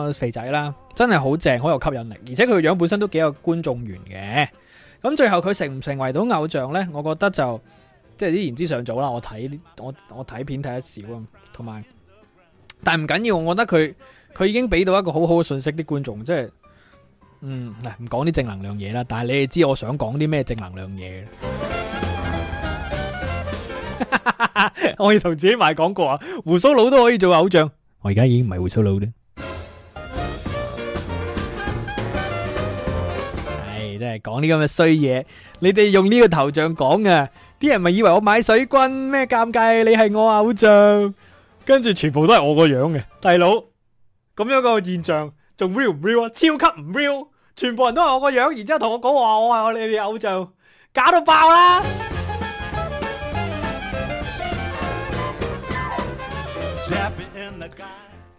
個肥仔啦，真係好正，好有吸引力，而且佢個樣本身都幾有觀眾緣嘅。咁最後佢成唔成為到偶像呢？我覺得就即係啲言之尚早啦。我睇我我睇片睇得少啊，同埋但係唔緊要，我覺得佢佢已經俾到一個好好嘅信息，啲觀眾即係。嗯，嚟唔講啲正能量嘢啦，但係你哋知我想講啲咩正能量嘢。我要同自己買廣告啊，鬍鬚佬都可以做偶像。我而家已經唔係鬍鬚佬咧。唉，真係講啲咁嘅衰嘢。你哋用呢個頭像講啊，啲人咪以為我買水軍咩？尷尬，你係我偶像，跟住全部都係我個樣嘅，大佬咁樣個現象。仲 real 唔 real 啊？超級唔 real！全部人都係我個樣，然之後同我講，話我係我你哋偶像，搞到爆啦！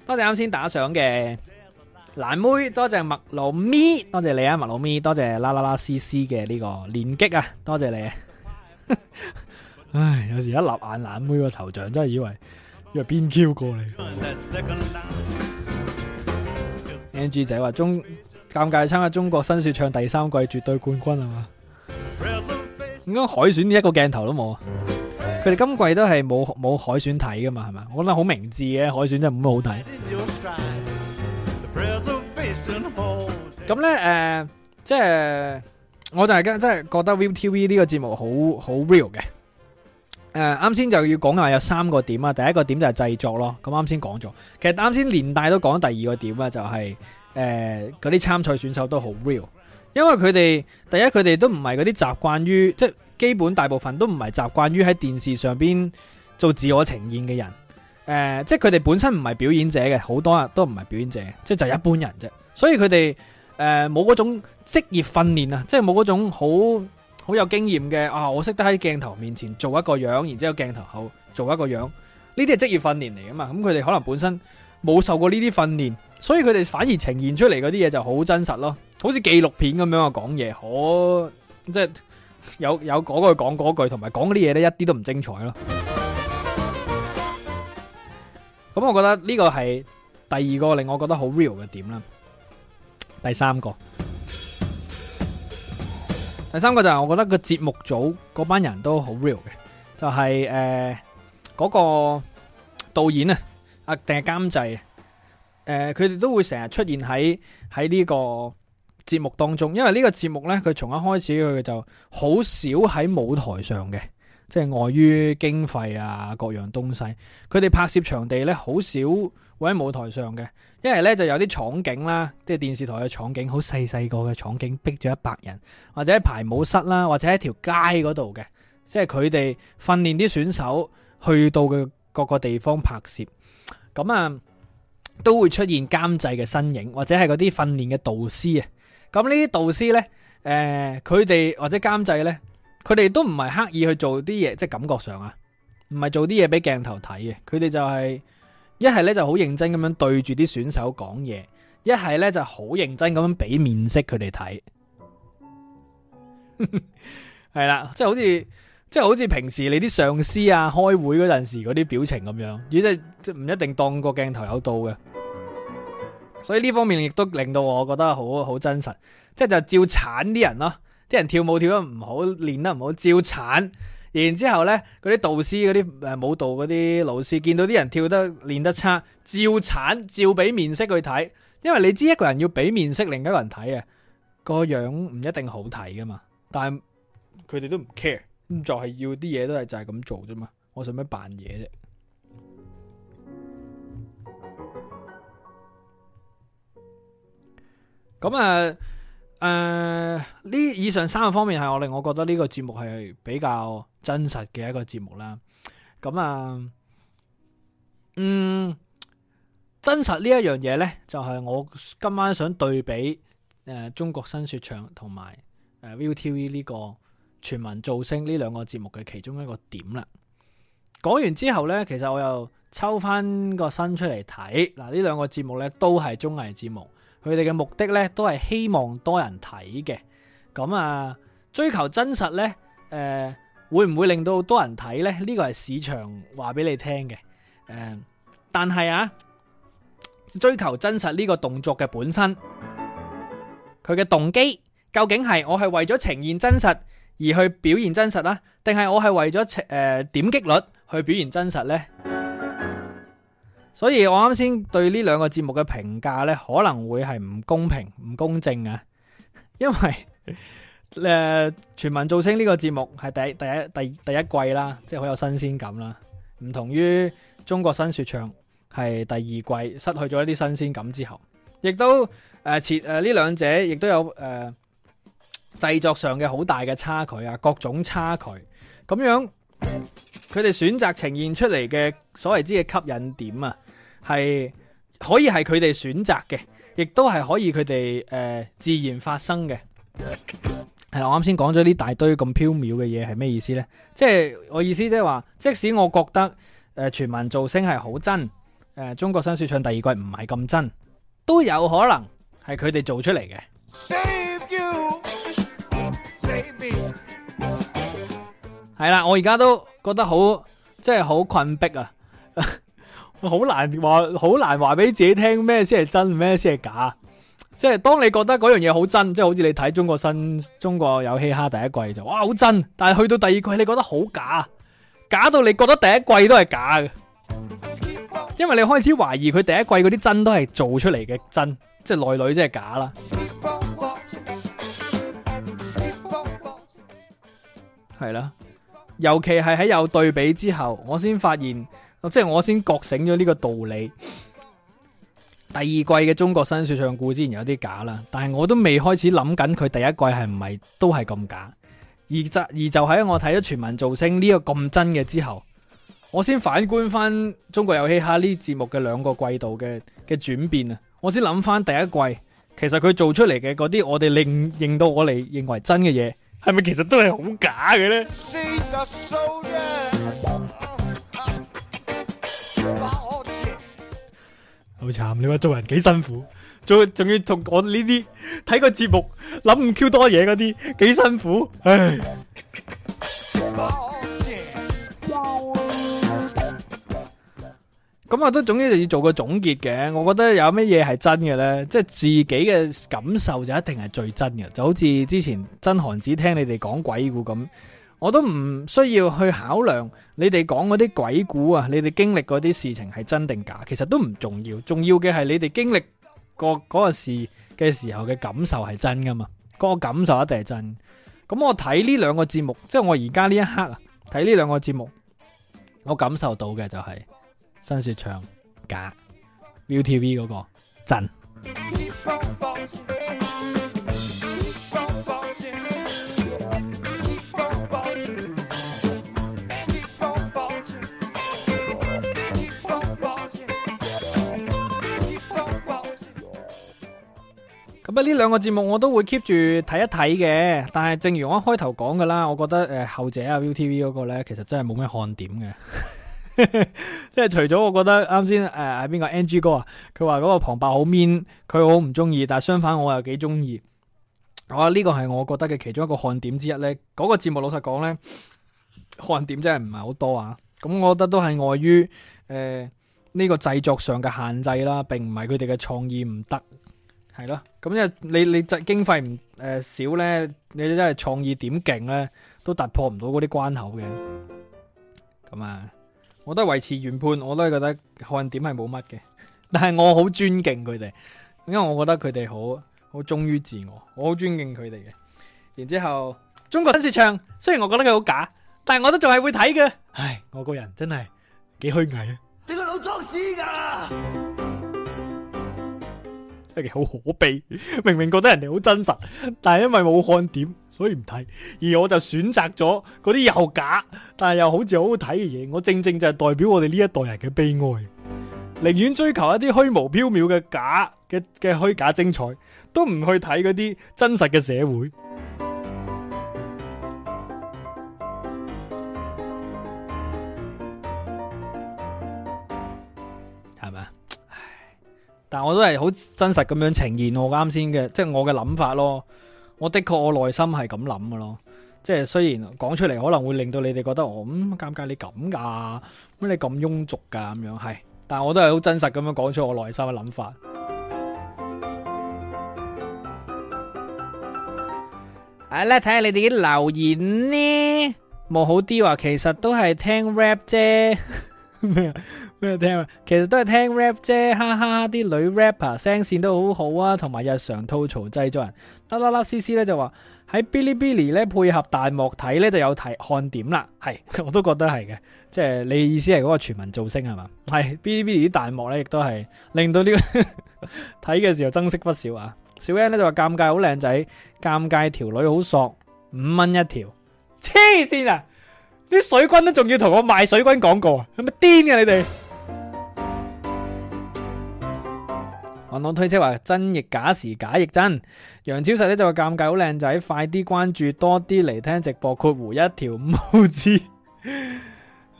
多謝啱先打賞嘅懶妹，多謝麥露咪，多謝你啊麥露咪，多謝啦啦啦 C C 嘅呢個連擊啊！多謝你啊！唉，有時一立眼懶妹個頭像，真係以為因為邊 Q 過嚟。ng 仔話中尷尬參加中國新說唱第三季絕對冠軍係嘛，點解海選呢一個鏡頭都冇啊？佢哋 今季都係冇冇海選睇噶嘛係咪？我覺得好明智嘅，海選真係冇乜好睇。咁咧誒，即係我就係跟即係覺得 Viu TV 呢個節目好好 real 嘅。誒，啱先、呃、就要講嘅有三個點啊，第一個點就係製作咯，咁啱先講咗。其實啱先連帶都講第二個點啊、就係，就係誒嗰啲參賽選手都好 real，因為佢哋第一佢哋都唔係嗰啲習慣於，即基本大部分都唔係習慣於喺電視上邊做自我呈現嘅人。誒、呃，即係佢哋本身唔係表演者嘅，好多人都唔係表演者，即係就係、一般人啫。所以佢哋誒冇嗰種職業訓練啊，即係冇嗰種好。好有經驗嘅啊！我識得喺鏡頭面前做一個樣，然之後鏡頭後做一個樣，呢啲係職業訓練嚟噶嘛？咁佢哋可能本身冇受過呢啲訓練，所以佢哋反而呈現出嚟嗰啲嘢就好真實咯，好似紀錄片咁樣啊講嘢，好，即係有有嗰句講嗰句，同埋講嗰啲嘢咧一啲都唔精彩咯。咁 我覺得呢個係第二個令我覺得好 real 嘅點啦。第三個。.第三個就係我覺得個節目組嗰班人都好 real 嘅，就係、是、誒、呃嗰個導演啊，啊定係監製誒，佢、呃、哋都會成日出現喺喺呢個節目當中，因為呢個節目咧，佢從一開始佢就好少喺舞台上嘅。即係礙於經費啊，各樣東西，佢哋拍攝場地咧好少會喺舞台上嘅，因為咧就有啲場景啦，即係電視台嘅場景，好細細個嘅場景，逼咗一百人，或者排舞室啦，或者喺條街嗰度嘅，即係佢哋訓練啲選手去到嘅各個地方拍攝，咁啊都會出現監製嘅身影，或者係嗰啲訓練嘅導師啊，咁呢啲導師咧，誒、呃，佢哋或者監製咧。佢哋都唔係刻意去做啲嘢，即係感覺上啊，唔係做啲嘢俾鏡頭睇嘅。佢哋就係一係咧就好認真咁樣對住啲選手講嘢，一係咧就好認真咁樣俾面色佢哋睇。係 啦，即係好似，即係好似平時你啲上司啊開會嗰陣時嗰啲表情咁樣，亦都即係唔一定當個鏡頭有到嘅。所以呢方面亦都令到我覺得好好真實，即係就照鏟啲人咯。啲人跳舞跳得唔好，練得唔好，照鏟。然之後呢，嗰啲導師、嗰啲誒舞蹈嗰啲老師，見到啲人跳得練得差，照鏟，照俾面色去睇。因為你知一個人要俾面色另一個人睇嘅，個樣唔一定好睇噶嘛。但係佢哋都唔 care，咁就係要啲嘢都係就係咁做啫嘛。我想咩扮嘢啫？咁啊！誒，呢、呃、以上三個方面係我令我覺得呢個節目係比較真實嘅一個節目啦。咁啊，嗯，真實這一東西呢一樣嘢呢就係、是、我今晚想對比誒、呃《中國新說唱》同埋誒 ViuTV 呢、這個全民造星呢兩個節目嘅其中一個點啦。講完之後呢，其實我又抽翻個新出嚟睇，嗱，呢兩個節目呢都係綜藝節目。佢哋嘅目的呢，都係希望多人睇嘅。咁啊，追求真實呢，誒、呃，會唔會令到多人睇呢？呢個係市場話俾你聽嘅、呃。但係啊，追求真實呢個動作嘅本身，佢嘅動機究竟係我係為咗呈現真實而去表現真實啊？定係我係為咗誒、呃、點擊率去表現真實呢？所以我啱先對呢兩個節目嘅評價呢，可能會係唔公平、唔公正啊，因為誒，呃、全民造星呢、呢個節目係第第一第一第一季啦，即係好有新鮮感啦，唔同於中國新說唱係第二季失去咗一啲新鮮感之後，亦都誒，切誒呢兩者亦都有誒、呃、製作上嘅好大嘅差距啊，各種差距，咁樣佢哋選擇呈現出嚟嘅所謂之嘅吸引點啊。係可以係佢哋選擇嘅，亦都係可以佢哋誒自然發生嘅。係我啱先講咗呢大堆咁縹緲嘅嘢係咩意思呢？即係我意思即係話，即使我覺得誒、呃、全民造星係好真，誒、呃、中國新說唱第二季唔係咁真，都有可能係佢哋做出嚟嘅。係啦，我而家都覺得好，即係好困迫啊！好難話，好難話俾自己聽咩先係真，咩先係假。即係當你覺得嗰樣嘢好真，即係好似你睇中國新中國有嘻哈第一季就哇好真，但係去到第二季你覺得好假，假到你覺得第一季都係假嘅，因為你開始懷疑佢第一季嗰啲真都係做出嚟嘅真，即係內裏即係假啦。係啦，尤其係喺有對比之後，我先發現。即係我先覺醒咗呢個道理。第二季嘅中國新說唱固之然有啲假啦，但係我都未開始諗緊佢第一季係唔係都係咁假。而就而就喺我睇咗全民造星呢個咁真嘅之後，我先反觀翻《中國有嘻哈》呢節目嘅兩個季度嘅嘅轉變啊，我先諗翻第一季，其實佢做出嚟嘅嗰啲我哋認認到我哋認為真嘅嘢，係咪其實都係好假嘅呢？好慘！你話做人幾辛苦，仲仲要同我呢啲睇個節目諗唔 Q 多嘢嗰啲，幾辛苦唉！咁我都總之就要做個總結嘅，我覺得有乜嘢係真嘅呢？即係自己嘅感受就一定係最真嘅，就好似之前真韓子聽你哋講鬼故咁。我都唔需要去考量你哋講嗰啲鬼故啊，你哋經歷嗰啲事情係真定假，其實都唔重要。重要嘅係你哋經歷過嗰個事嘅時候嘅感受係真噶嘛？嗰個感受一定係真的。咁我睇呢兩個節目，即係我而家呢一刻啊，睇呢兩個節目，我感受到嘅就係新說唱假，ViuTV 嗰個真。 咁呢兩個節目我都會 keep 住睇一睇嘅，但係正如我一開頭講㗎啦，我覺得誒、呃、後者啊 ViuTV 嗰個咧，其實真係冇咩看點嘅，即係 除咗我覺得啱先誒邊邊個 NG 哥啊，佢話嗰個旁白好 mean，佢好唔中意，但係相反我又幾中意，啊、嗯、呢、這個係我覺得嘅其中一個看點之一咧，嗰、那個節目老實講咧，看點真係唔係好多啊，咁我覺得都係礙於誒呢、呃這個製作上嘅限制啦，並唔係佢哋嘅創意唔得。係咯，咁即係你你就經費唔誒少咧，你真係創意點勁咧，都突破唔到嗰啲關口嘅。咁啊，我都係維持原判，我都係覺得看點係冇乜嘅。但係我好尊敬佢哋，因為我覺得佢哋好好忠於自我，我好尊敬佢哋嘅。然之後中國新說唱，雖然我覺得佢好假，但係我都仲係會睇嘅。唉，我個人真係幾虛偽啊！你個老裝屎噶～好可悲，明明覺得人哋好真實，但係因為冇看點，所以唔睇。而我就選擇咗嗰啲又假，但係又好似好好睇嘅嘢。我正正就係代表我哋呢一代人嘅悲哀，寧願追求一啲虛無縹緲嘅假嘅嘅虛假精彩，都唔去睇嗰啲真實嘅社會。但我都係好真實咁樣呈現我啱先嘅，即係我嘅諗法咯。我的確我內心係咁諗嘅咯。即係雖然講出嚟可能會令到你哋覺得我，嗯，尷尬你咁噶、啊，乜你咁庸俗噶咁樣係。但係我都係好真實咁樣講出我內心嘅諗法。係啦，睇下你哋啲留言呢。冇好啲話，其實都係聽 rap 啫。咩啊？咩聽啊？其實都係聽 rap 啫，哈哈！啲女 rapper 聲、啊、線都好好啊，同埋日常吐槽製作人，啦啦啦思 C 咧就話喺 Bilibili 咧配合彈幕睇咧就有睇看點啦，係我都覺得係嘅，即、就、係、是、你意思係嗰個全民造星係嘛？係 Bilibili 啲彈幕咧亦都係令到呢、這個睇嘅 時候珍惜不少啊！小 N 咧就話尷尬好靚仔，尷尬條女好索，五蚊一條，黐線啊！啲水軍都仲要同我賣水軍廣告啊！係咪癲呀？你哋？我、 嗯、我推車話真亦假時假亦真。楊超實咧就話尷尬，好靚仔，快啲關注，多啲嚟聽直播，括弧一條五毫紙。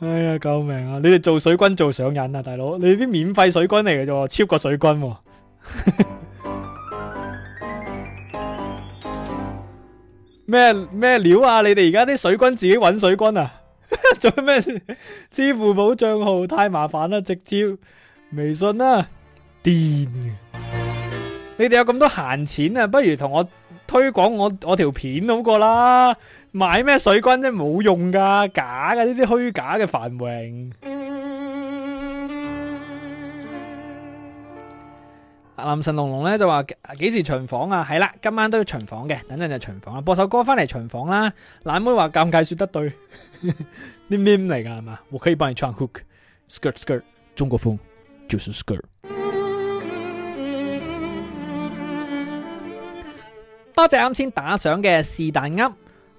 哎呀，救命啊！你哋做水軍做上癮啊大佬！你啲免費水軍嚟嘅啫，超過水軍、啊。咩 咩 料啊！你哋而家啲水軍自己搵水軍啊？ 做咩支付寶賬號太麻煩啦，直接微信啦癲！電 你哋有咁多閒錢啊，不如同我推廣我我條片好過啦，買咩水軍啫？冇用噶，假嘅呢啲虛假嘅繁榮。林神龍龍咧就話幾時巡房啊？係啦，今晚都要巡房嘅，等陣就巡房啦。播首歌翻嚟巡房啦。懶妹話尷尬，說得對。你咩嚟噶係嘛？我可以幫你唱《hook sk skirt skirt，中國風就是 skirt。多謝啱先打賞嘅是但噏，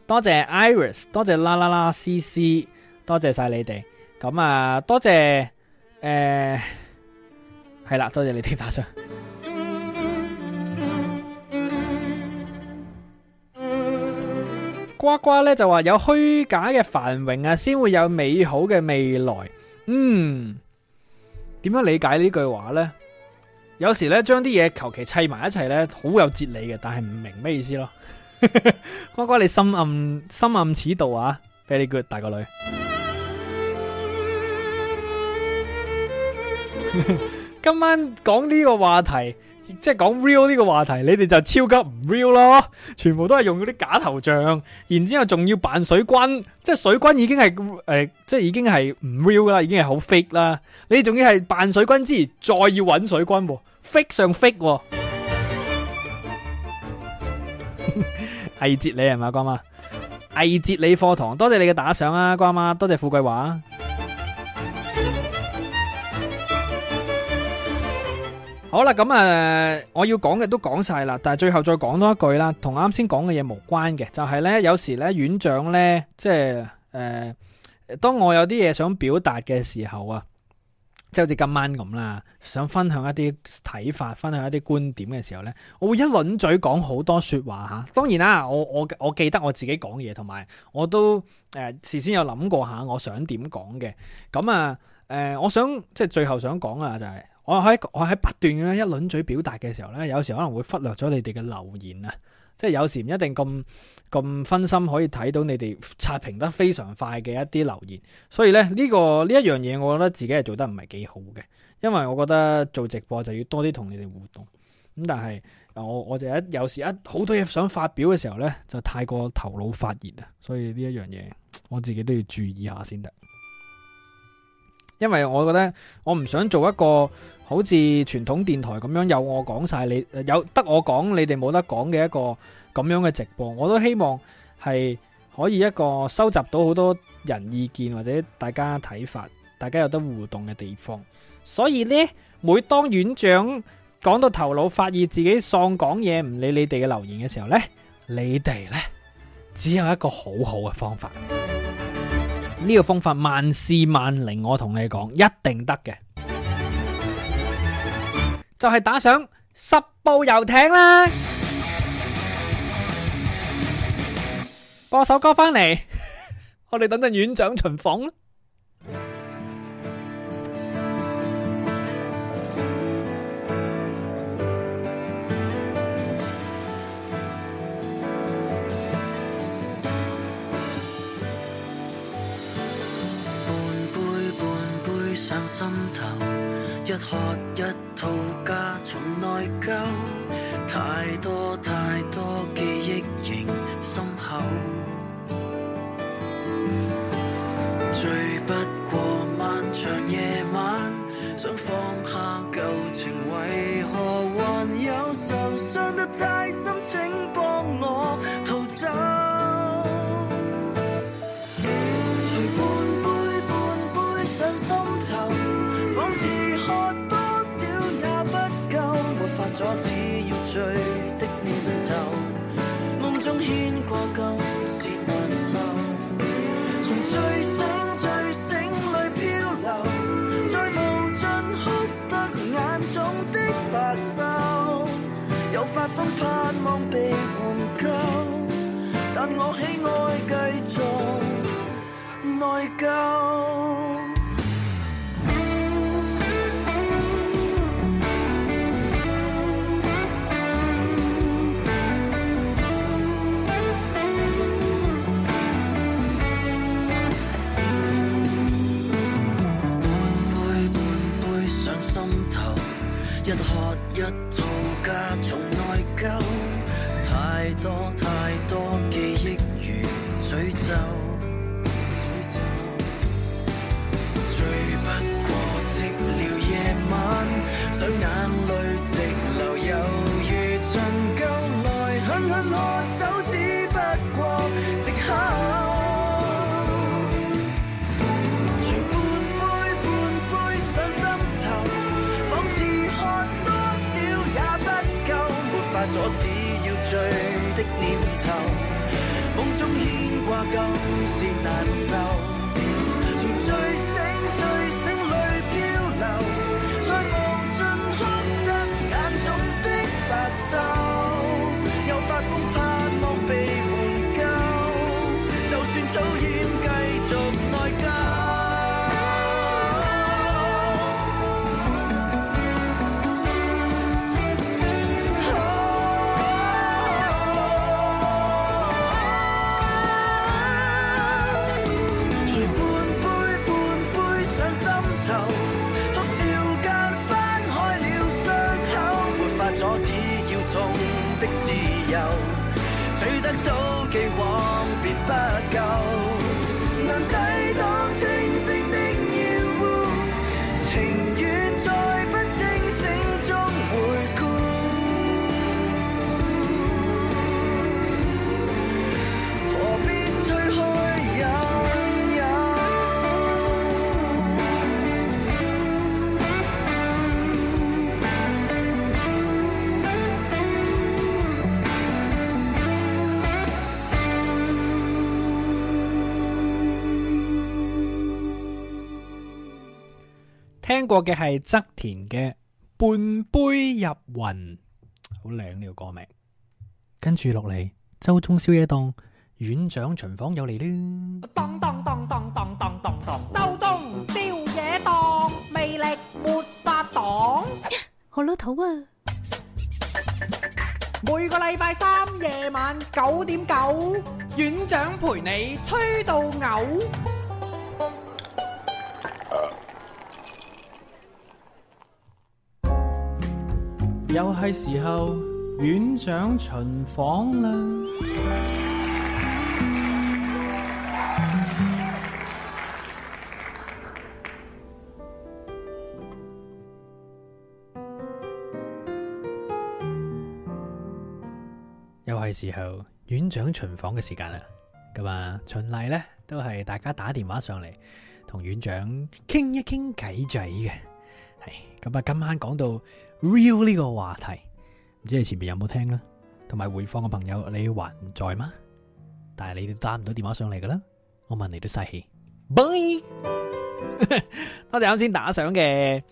多謝 Iris，多謝啦啦啦 C C，多謝晒你哋。咁、呃、啊，多謝誒，係啦，多謝你哋打賞。呱呱咧就話有虛假嘅繁榮啊，先會有美好嘅未來。嗯，點樣理解呢句話呢？有時咧將啲嘢求其砌埋一齊咧，好有哲理嘅，但係唔明咩意思咯。 呱呱，你深暗深暗此道啊！Very good，大個女。 今晚講呢個話題。即係講 real 呢個話題，你哋就超級唔 real 咯，全部都係用嗰啲假頭像，然之後仲要扮水軍，即係水軍已經係誒、呃，即係已經係唔 real 啦，已經係好 fake 啦，你仲要係扮水軍之，再要揾水軍 fake 上 fake 偽哲理啊， 嘛樂， 瓜媽，偽哲理課堂，多謝你嘅打賞啊，瓜媽，多謝富貴華。好啦，咁啊，我要講嘅都講晒啦，但係最後再講多一句啦，同啱先講嘅嘢無關嘅，就係、是、咧，有時咧，院長咧，即係誒、呃，當我有啲嘢想表達嘅時候啊，即係好似今晚咁啦，想分享一啲睇法，分享一啲觀點嘅時候咧，我會一輪嘴講好多說話吓。當然啦，我我我記得我自己講嘢，同埋我都誒、呃、事先有諗過下我想點講嘅。咁啊，誒、呃，我想即係最後想講啊、就係，就係。我喺我喺不斷咧一輪嘴表達嘅時候呢，有時可能會忽略咗你哋嘅留言啊，即係有時唔一定咁咁分心可以睇到你哋刷屏得非常快嘅一啲留言，所以呢、呢個，呢個呢一樣嘢，我覺得自己係做得唔係幾好嘅，因為我覺得做直播就要多啲同你哋互動。咁但係我我就一有時一好多嘢想發表嘅時候呢，就太過頭腦發熱啊，所以呢一樣嘢我自己都要注意下先得。因為我覺得我唔想做一個好似傳統電台咁樣有我講晒，你，有得我講你哋冇得講嘅一個咁樣嘅直播，我都希望係可以一個收集到好多人意見或者大家睇法，大家有得互動嘅地方。所以呢，每當院長講到頭腦發熱自己喪講嘢唔理你哋嘅留言嘅時候呢，你哋呢，只有一個好好嘅方法。呢個方法萬試萬靈，我同你講一定得嘅，就係打上十部遊艇啦！播首歌翻嚟，我哋等陣院長巡房。心頭，一喝一吐加重內疚，太多太多記憶仍深厚，醉不過漫長夜晚，想放下舊情，為何還有受傷得太深，請幫。阻只要醉的念頭，夢中牽掛更是難受。從醉醒醉醒裏漂流，在無盡哭得眼腫的白晝，又發瘋盼望被挽救，但我喜愛。一套家，重內疚，太多太多，太多記憶如詛咒，醉不過寂寥夜晚，想眼淚。話今宵難受。聽過嘅係側田嘅半杯入魂，好靚呢個歌名。跟住落嚟，周中宵夜檔，院長巡房又嚟啦！當當當當當當當當，周中宵夜檔，魅力沒法擋。我老土啊！每個禮拜三夜晚九點九，院長陪你吹到嘔。又係時候院長巡訪啦，又係時候院長巡訪嘅時間啦。咁啊，巡禮呢都係大家打電話上嚟同院長傾一傾偈仔嘅。咁啊！今晚講到 real 呢個話題，唔知你前面有冇聽啦，同埋回放嘅朋友你還在嗎？但係你都打唔到電話上嚟噶啦，我問你都嘥氣。多謝啱先打賞嘅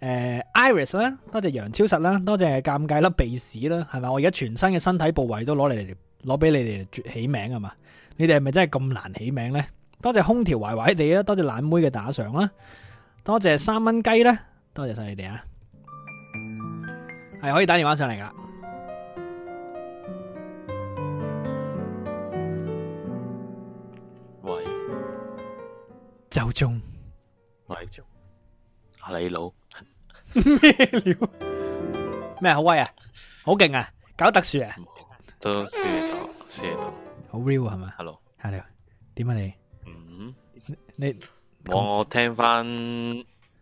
誒 Iris 啦，多謝楊超實啦，多謝尷尬粒鼻屎啦，係咪？我而家全身嘅身體部位都攞嚟嚟攞俾你哋起名啊嘛！你哋係咪真係咁難起名呢？多謝空調壞壞地啦，多謝懶妹嘅打賞啦，多謝三蚊雞啦。多謝晒你哋啊，係可以打電話上嚟噶喇。喂，周中，喂，阿你佬咩料？咩好威啊？好勁啊！搞特殊啊？都四度四度，好 real 係咪？Hello，hello，點啊你？嗯，你我我聽翻。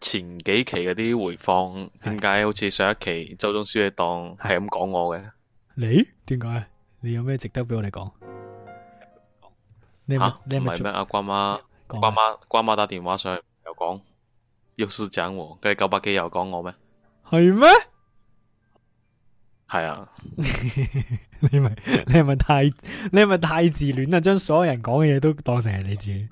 前幾期嗰啲回放，點解好似上一期周中宵夜檔係咁講我嘅？你點解？你有咩值得俾我哋講？你唔係咩？阿關媽、關媽、關媽、啊、打電話上去又講，鑰匙長喎，跟住九百幾又講我咩？係咩嗎？係啊！ 你係咪你係咪太你係咪太自戀啊？將所有人講嘅嘢都當成係你自己？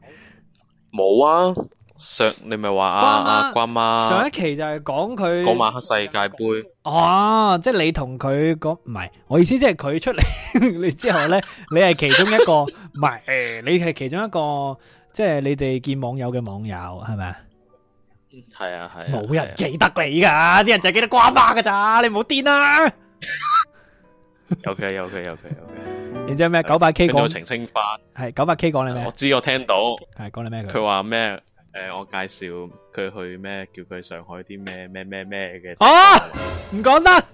冇啊！上你咪話阿阿關媽上一期就係講佢嗰晚黑世界杯哦，即係你同佢講唔係，我意思即係佢出嚟你之後咧，你係其中一個唔係誒，你係其中一個即係你哋見網友嘅網友係咪啊？係啊係。冇人記得你噶，啲人就記得關媽噶咋，你唔好癲啊！OK OK OK OK。然之後咩九百 K 講到澄清花係九百 K 講你咩？我知我聽到係講你咩？佢話咩？誒，我介紹佢去咩？叫佢上海啲咩咩咩咩嘅？哦，唔講得。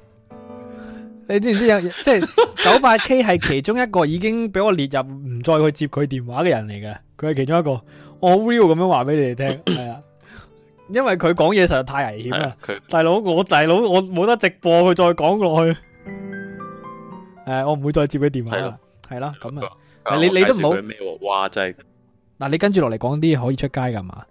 你知唔知有？即係九八 K 係其中一個已經俾我列入唔再去接佢電話嘅人嚟嘅。佢係其中一個，我好 real 咁樣話俾你哋聽，係啊。因為佢講嘢實在太危險啦，大佬，我大佬我冇得直播佢再講落去。誒，我唔會再接佢電話啦，係啦，咁啊，你你都唔好哇，係。嗱，你跟住落嚟講啲可以出街噶嘛？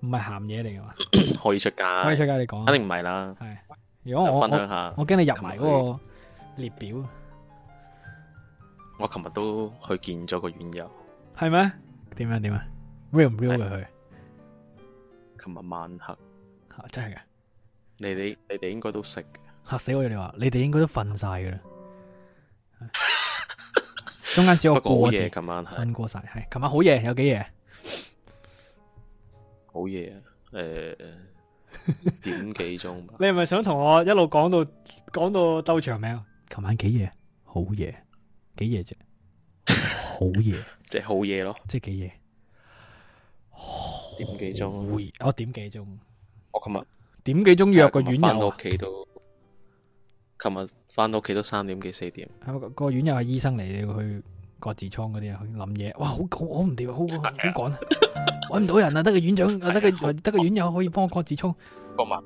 唔係鹹嘢嚟噶嘛？可以出街，可以出街，你講，肯定唔係啦。係，如果我分享下我驚你入埋嗰個列表。我琴日都去見咗個院友。係咩？點樣？點啊？real 唔 real 嘅佢？琴日晚黑吓真係嘅，你你你哋應該都識嘅。嚇死我！你話你哋應該都瞓晒噶啦。中間只有個過夜，琴晚係瞓過晒，係琴晚好夜，有幾夜。好夜啊！誒、呃，點幾鐘？ 你係咪想同我一路講到講到鬥長命？琴晚幾夜？好夜，幾夜啫？好夜，即係 好夜咯，即係幾夜？夜夜哦、點幾鐘？好我點幾鐘？我琴日點幾鐘約個院人？我到屋企度？琴日翻到屋企都三點幾四點。係個院友係醫生嚟，你要去。郭志聰嗰啲啊，去諗嘢，哇，好好我唔掂，好好趕，揾唔對呀 到人啊，得個 院長，得個得個院友可以幫我郭志聰，郭盲曼，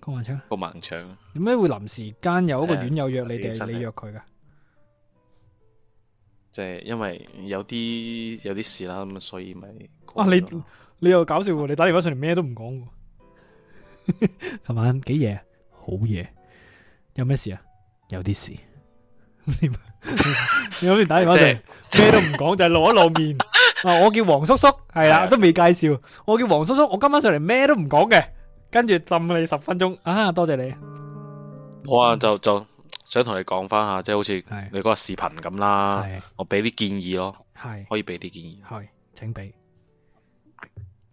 郭盲腸，郭盲腸。點解會臨時間有一個院友約你哋，呃、你約佢噶？即係因為有啲有啲事啦，咁啊，所以咪。哇、啊，你你又搞笑喎！你打電話上嚟咩都唔講喎，琴 晚幾夜，好夜，有咩事啊？有啲事。 你看 你咁嚟打電話就咩都唔講，就露一露面。啊，我叫黃叔叔，係啦，都未介紹。我叫黃叔叔，我今晚上嚟咩都唔講嘅，跟住浸你十分鐘。啊，多謝你。我啊，就就想同你講翻下，即係好似你嗰個視頻咁啦，我俾啲建議咯。係，可以俾啲建議。係，請俾。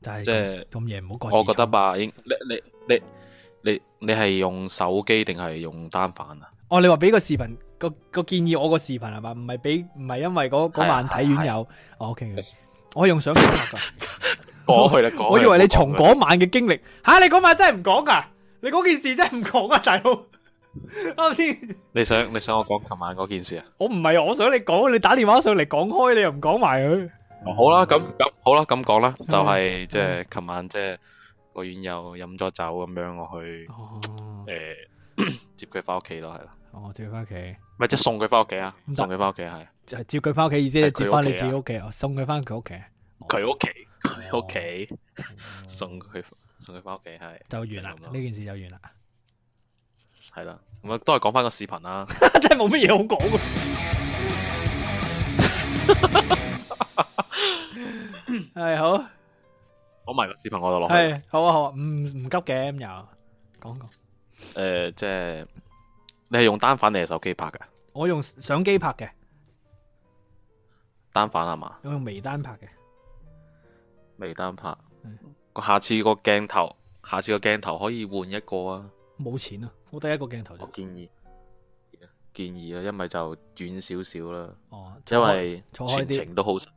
就係即係咁夜唔好講。我覺得吧，應你你你你你係用手機定係用單反啊？哦，你話俾個視頻。個個建議我個視頻係嘛？唔係俾唔係因為嗰晚睇院友，我 OK 嘅。我用相機拍噶， 過去啦。Oh, 過去。我以為你從嗰晚嘅經歷，吓、啊、你嗰晚真係唔講噶，你嗰件事真係唔講啊，大佬。啱 先。你想你想我講琴晚嗰件事啊？我唔係我想你講，你打電話上嚟講開，你又唔講埋佢。好啦，咁咁好啦，咁講啦，就係即係琴晚即係個院友飲咗酒咁樣我去，誒、呃。嗯接佢翻屋企咯，係啦。哦，接佢翻屋企，咪即係送佢翻屋企啊？送佢翻屋企係，就係接佢翻屋企，意思接翻你自己屋企，送佢翻佢屋企，佢屋企，佢屋企，送佢，送佢翻屋企係，就完啦，呢件事就完啦，係啦，咁啊，都係講翻個視頻啦，真係冇乜嘢好講啊，係好，講埋個視頻我就落。係，好啊好啊，唔唔急嘅，咁又講講。誒、呃，即係你係用單反定係手機拍噶？我用相機拍嘅，單反係嘛？我用微單拍嘅，微單拍。個下次個鏡頭，下次個鏡頭可以換一個啊！冇錢啊！冇得一個鏡頭。我建議，建議啊，因為遠一咪就遠少少啦。哦，因為全程都好，係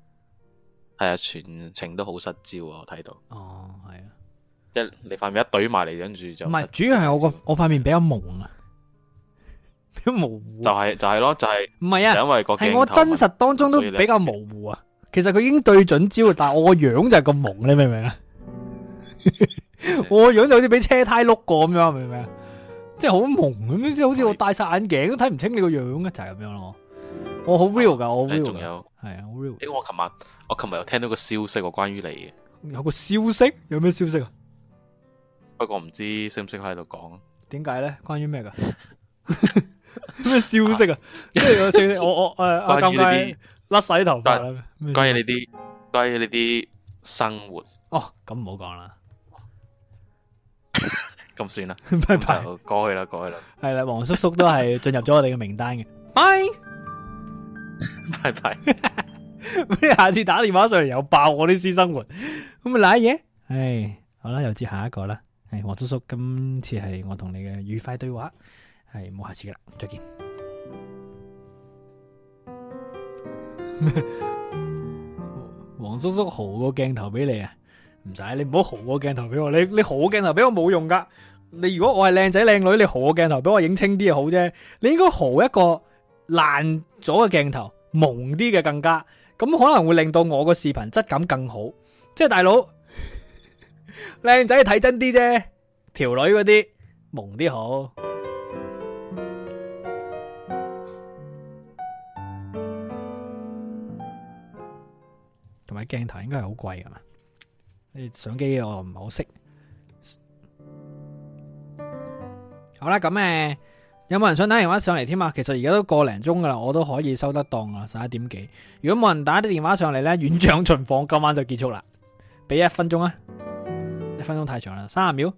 啊，全程都好失焦啊！我睇到。哦，係啊。即你一你塊面一懟埋嚟，跟住就唔係，主要係我個我塊面比較蒙啊，比較模糊、啊、就係就係咯，就係唔係啊，因為我真實當中都比較模糊啊。其實佢已經對準焦，但係我個樣就係咁蒙，你明唔明啊？我個樣就好似俾車胎碌過咁樣，明唔明啊？即係好蒙咁，即係好似我戴晒眼鏡都睇唔清你個樣嘅，就係、是、咁樣咯。我好 real 㗎，我好 real，係啊有，real。因為、欸、我琴晚我琴日又聽到個消息於，個關於你嘅有個消息，有咩消息啊？不過唔知識唔識喺度講？點解咧？關於咩㗎？咩消息啊？即係我我我誒，阿尷尬，甩晒頭髮啦。關於呢啲，關於呢啲生活。哦，咁唔好講啦，咁算啦，拜拜，過去啦，過去啦。係啦，黃叔叔都係進入咗我哋嘅名單嘅。拜拜拜拜，下次打電話上嚟又爆我啲私生活，咁咪瀨嘢？唉，好啦，又接下一個啦。係黃叔叔，今次係我同你嘅愉快對話，係冇下次噶啦，再見。黃 叔叔，豪個鏡頭俾你啊！唔使你唔好豪個鏡頭俾我，你你豪鏡頭俾我冇用噶。你如果我係靚仔靚女，你豪個鏡頭俾我影清啲就好啫。你應該豪一個爛咗嘅鏡頭，蒙啲嘅更加，咁可能會令到我個視頻質感更好。即係大佬。靚仔睇真啲啫，條女嗰啲蒙啲好。同埋鏡頭應該係好貴噶嘛？相機我唔係好識。好啦，咁誒，有冇人想打電話上嚟添啊？其實而家都個零鐘噶啦，我都可以收得檔啦，十一點幾。如果冇人打啲電話上嚟呢，院長巡房今晚就結束啦。俾一分鐘啊！一分鐘太長啦，三十秒。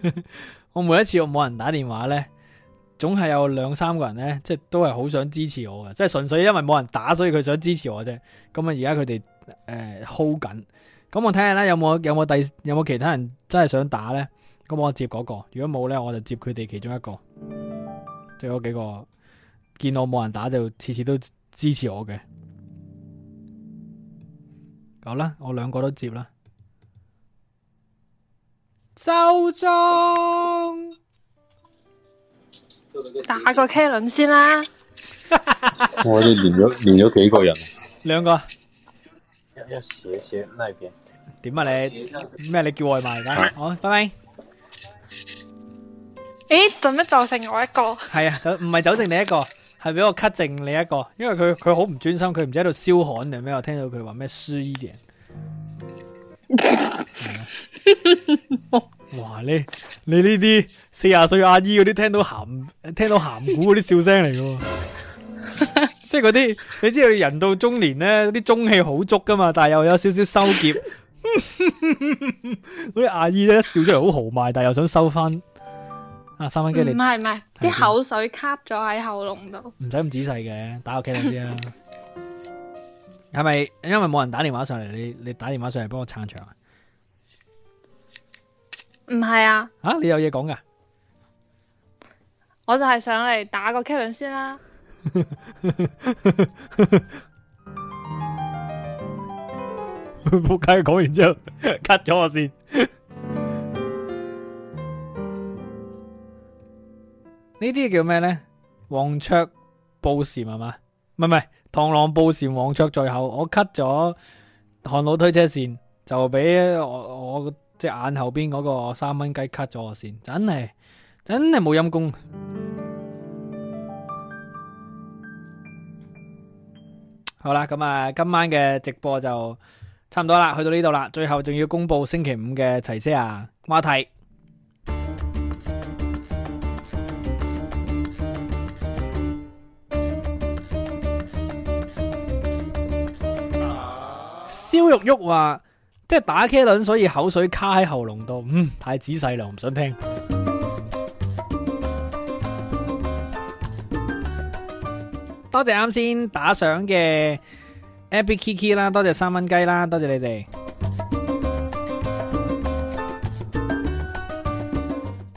我每一次我冇人打電話呢，總係有兩三個人呢，即係都係好想支持我嘅，即係純粹因為冇人打，所以佢想支持我啫。咁啊，而家佢哋。誒、呃、hold 緊，咁我睇下啦，有冇有冇第有冇其他人真係想打咧？咁我接嗰個，如果冇咧，我就接佢哋其中一個。仲有幾個見我冇人打，就次次都支持我嘅。好啦，我兩個都接啦。周中打個 K 輪先啦 我。我哋連咗連咗幾個人，兩個。要寫寫那邊點啊，你咩，你叫外賣噶？哦，拜拜。誒，做咩？就剩我一個係啊？就唔係，就剩你一個係俾我 cut 剩你一個，因為佢佢好唔專心，佢唔知喺度燒焊定咩，我聽到佢話咩輸嘅」！哇，你你呢啲四十歲阿姨嗰啲聽到鹹聽到鹹古啲笑聲嚟噶喎。 即係嗰啲，你知道人到中年咧，啲中氣好足噶嘛，但係又有少少收結。嗰啲阿姨咧笑出嚟好豪邁，但係又想收翻啊，三分精力。唔係唔係，啲口水吸咗喺喉嚨度。唔使咁仔細嘅，打個 K 量先啦。係咪 因爲冇人打電話上嚟？你你打電話上嚟幫我撐場啊？唔係啊！啊，你有嘢講噶？我就係想嚟打個 K 量先啦。唔開 哈哈 講完之後就 cut 咗我先。呢啲叫咩呢？黃雀捕蟬嘛？唔係唔係螳螂捕蟬，黃雀在後。我 cut 咗韓老推車線，就俾我我只、即係、眼後邊嗰個三蚊雞 cut 咗我線，真係真係冇陰功。好啦，咁啊，今晚嘅直播就差唔多啦，去到呢度啦，最後仲要公布星期五嘅齊聲啊話題。蕭玉玉話：即係打茄輪，所以口水卡喺喉嚨度，嗯，太仔細啦，唔想聽。多謝啱先打賞嘅 Abby Kiki 啦，多謝三蚊雞啦，多謝你哋。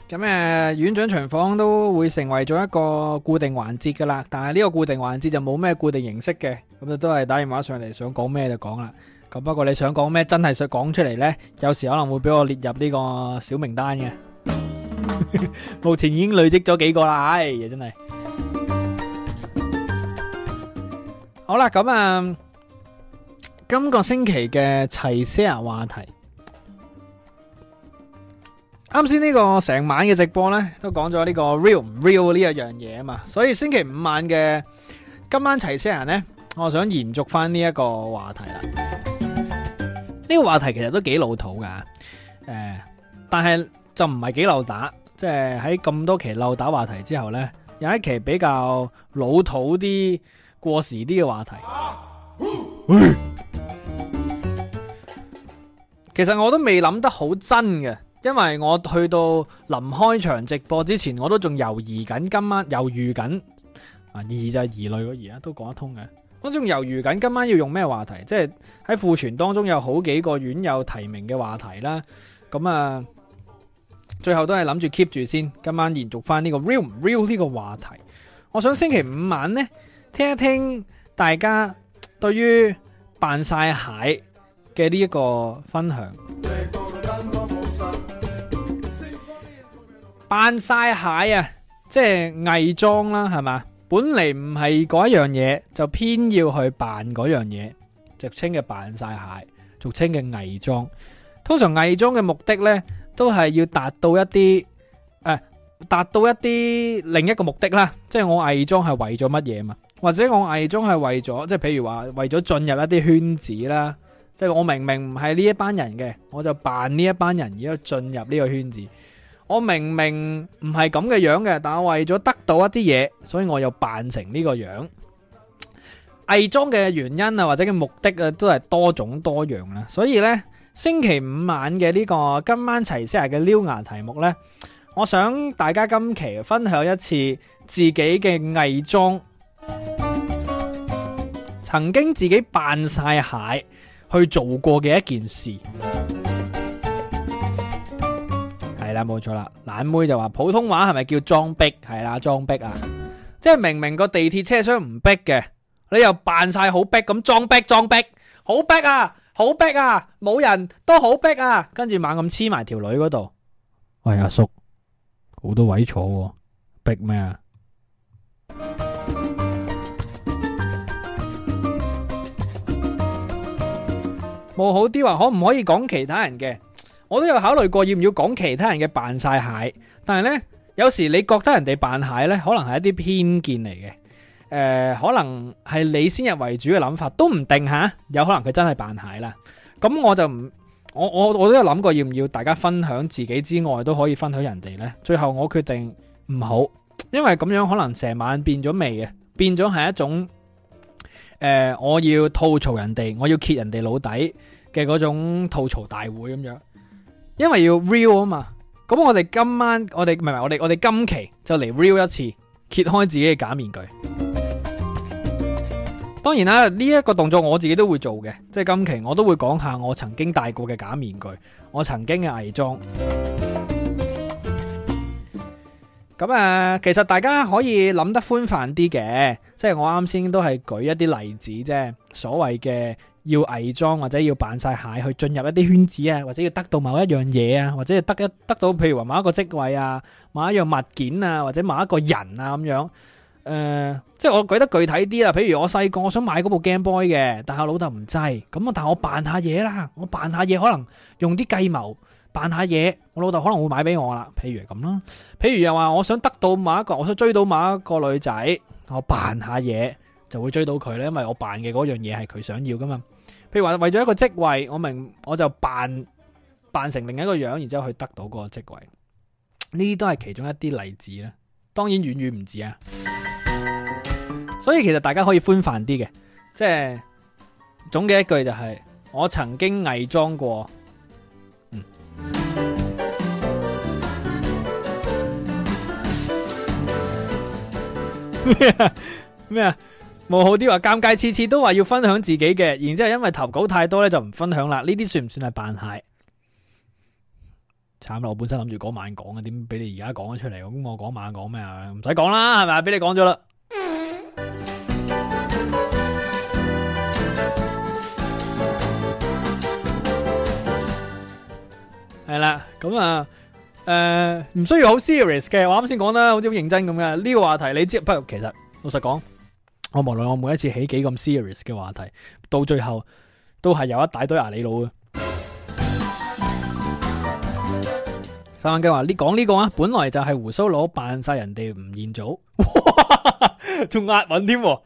咁誒，院長長房都會成為咗一個固定環節噶啦，但係呢個固定環節就冇咩固定形式嘅，咁就都係打電話上嚟想講咩就講啦。咁不過你想講咩真係想講出嚟呢，有時可能會俾我列入呢個小名單嘅。目前已經累積咗幾個啦，唉，真係。好啦，咁啊，今個星期嘅齊思賢話題，啱先呢個成晚嘅直播呢都講咗呢個 real 唔 real 呢一樣嘢啊嘛，所以星期五晚嘅今晚齊思賢呢，我想延續翻呢一個話題啦。呢個話題其實都幾老土噶，誒、呃，但係就唔係幾漏打，即係喺咁多期漏打話題之後呢，有一期比較老土啲。過時啲嘅話題，其實我都未諗得好真嘅，因為我去到臨開場直播之前，我都仲猶豫緊今晚猶豫緊啊，疑就疑慮個疑都講得通嘅。我仲猶豫緊今晚要用咩話題，即係喺庫存當中有好幾個院友提名嘅話題啦，咁啊，最後都係諗住 keep 住先，今晚延續翻呢個 real 唔 real 呢個話題。我想星期五晚呢。聽一聽大家對於扮晒蟹嘅呢一個分享。扮晒蟹啊，即係偽裝啦，係嘛？本嚟唔係嗰樣嘢，就偏要去扮嗰樣嘢，俗稱嘅扮晒蟹，俗稱嘅偽裝。通常偽裝嘅目的呢，都係要達到一啲誒、啊，達到一啲另一個目的啦。即係我偽裝係為咗乜嘢嘛？或者我偽裝係為咗，即係譬如話為咗進入一啲圈子啦。即係我明明唔係呢一班人嘅，我就扮呢一班人而家進入呢個圈子。我明明唔係咁嘅樣嘅，但係為咗得到一啲嘢，所以我又扮成呢個樣。偽裝嘅原因啊，或者嘅目的啊，都係多種多樣啦。所以呢，星期五晚嘅呢個今晚齊息下嘅撩牙題目呢，我想大家今期分享一次自己嘅偽裝。曾經自己扮晒蟹去做過嘅一件事，係啦，冇錯啦。懶妹就話普通話係咪叫裝逼？係啦，裝逼啊！即係明明個地鐵車廂唔逼嘅，你又扮晒好逼咁裝逼，裝逼好逼啊，好逼啊！冇人都好逼啊！跟住猛咁黐埋條女嗰度，喂阿叔，好多位坐，逼咩啊？冇好啲話，可唔可以講其他人嘅？我都有考慮過要唔要講其他人嘅扮晒蟹，但係呢，有時你覺得人哋扮蟹呢，可能係一啲偏見嚟嘅，呃。可能係你先入為主嘅諗法都唔定吓，有可能佢真係扮蟹啦。咁我就唔，我我我都有諗過要唔要大家分享自己之外都可以分享人哋呢。最後我決定唔好，因為咁樣可能成晚變咗味嘅，變咗係一種。誒、呃，我要吐槽人哋，我要揭人哋老底嘅嗰種吐槽大會咁樣，因為要 real 啊嘛。咁我哋今晚我哋唔係我哋我哋今期就嚟 real 一次，揭開自己嘅假面具。當然啦，呢、這、一個動作我自己都會做嘅，即係今期我都會講下我曾經戴過嘅假面具，我曾經嘅偽裝。咁啊，其實大家可以諗得寬泛啲嘅。即係我啱先都係舉一啲例子，啫，所謂嘅要偽裝或者要扮晒蟹去進入一啲圈子啊，或者要得到某一樣嘢啊，或者係得一得到譬如話某一個職位啊、某一樣物件啊，或者某一個人啊咁樣。呃，即係我舉得具體啲啦。譬如我細個我想買嗰部 Game Boy 嘅，但係老豆唔制，咁啊，但係我扮下嘢啦，我扮下嘢可能用啲計謀扮下嘢，我老豆可能會買俾我啦。譬如咁囉，譬如又話我想得到某一個，我想追到某一個女仔。我扮下嘢就會追到佢咧，因為我扮嘅嗰樣嘢係佢想要噶嘛。譬如話為咗一個職位，我明我就扮扮成另一個樣，然之後去得到嗰個職位。呢啲都係其中一啲例子啦，當然遠遠唔止啊。 所以其實大家可以寬泛啲嘅，即係總嘅一句就係我曾經偽裝過。嗯咩啊冇、啊、好啲話尷尬，次次都話要分享自己嘅，然之後因為投稿太多咧就唔分享啦。呢啲算唔算係扮蟹？慘啦！我本身諗住講晚講嘅，點俾你而家講咗出嚟？咁我講晚講咩啊？唔使講啦，係咪啊？俾你講咗啦。係啦，咁啊。誒，唔、uh, 需要好 serious 嘅，我啱先講啦，好似好認真咁嘅呢個話題，你知不過，其實老實講，我無論我每一次起幾咁 serious 嘅話題，到最後都係有一大堆牙你佬嘅。三蚊雞話：呢講呢個啊，本來就係胡鬚佬扮晒人哋吳彥祖，仲壓韻添、啊，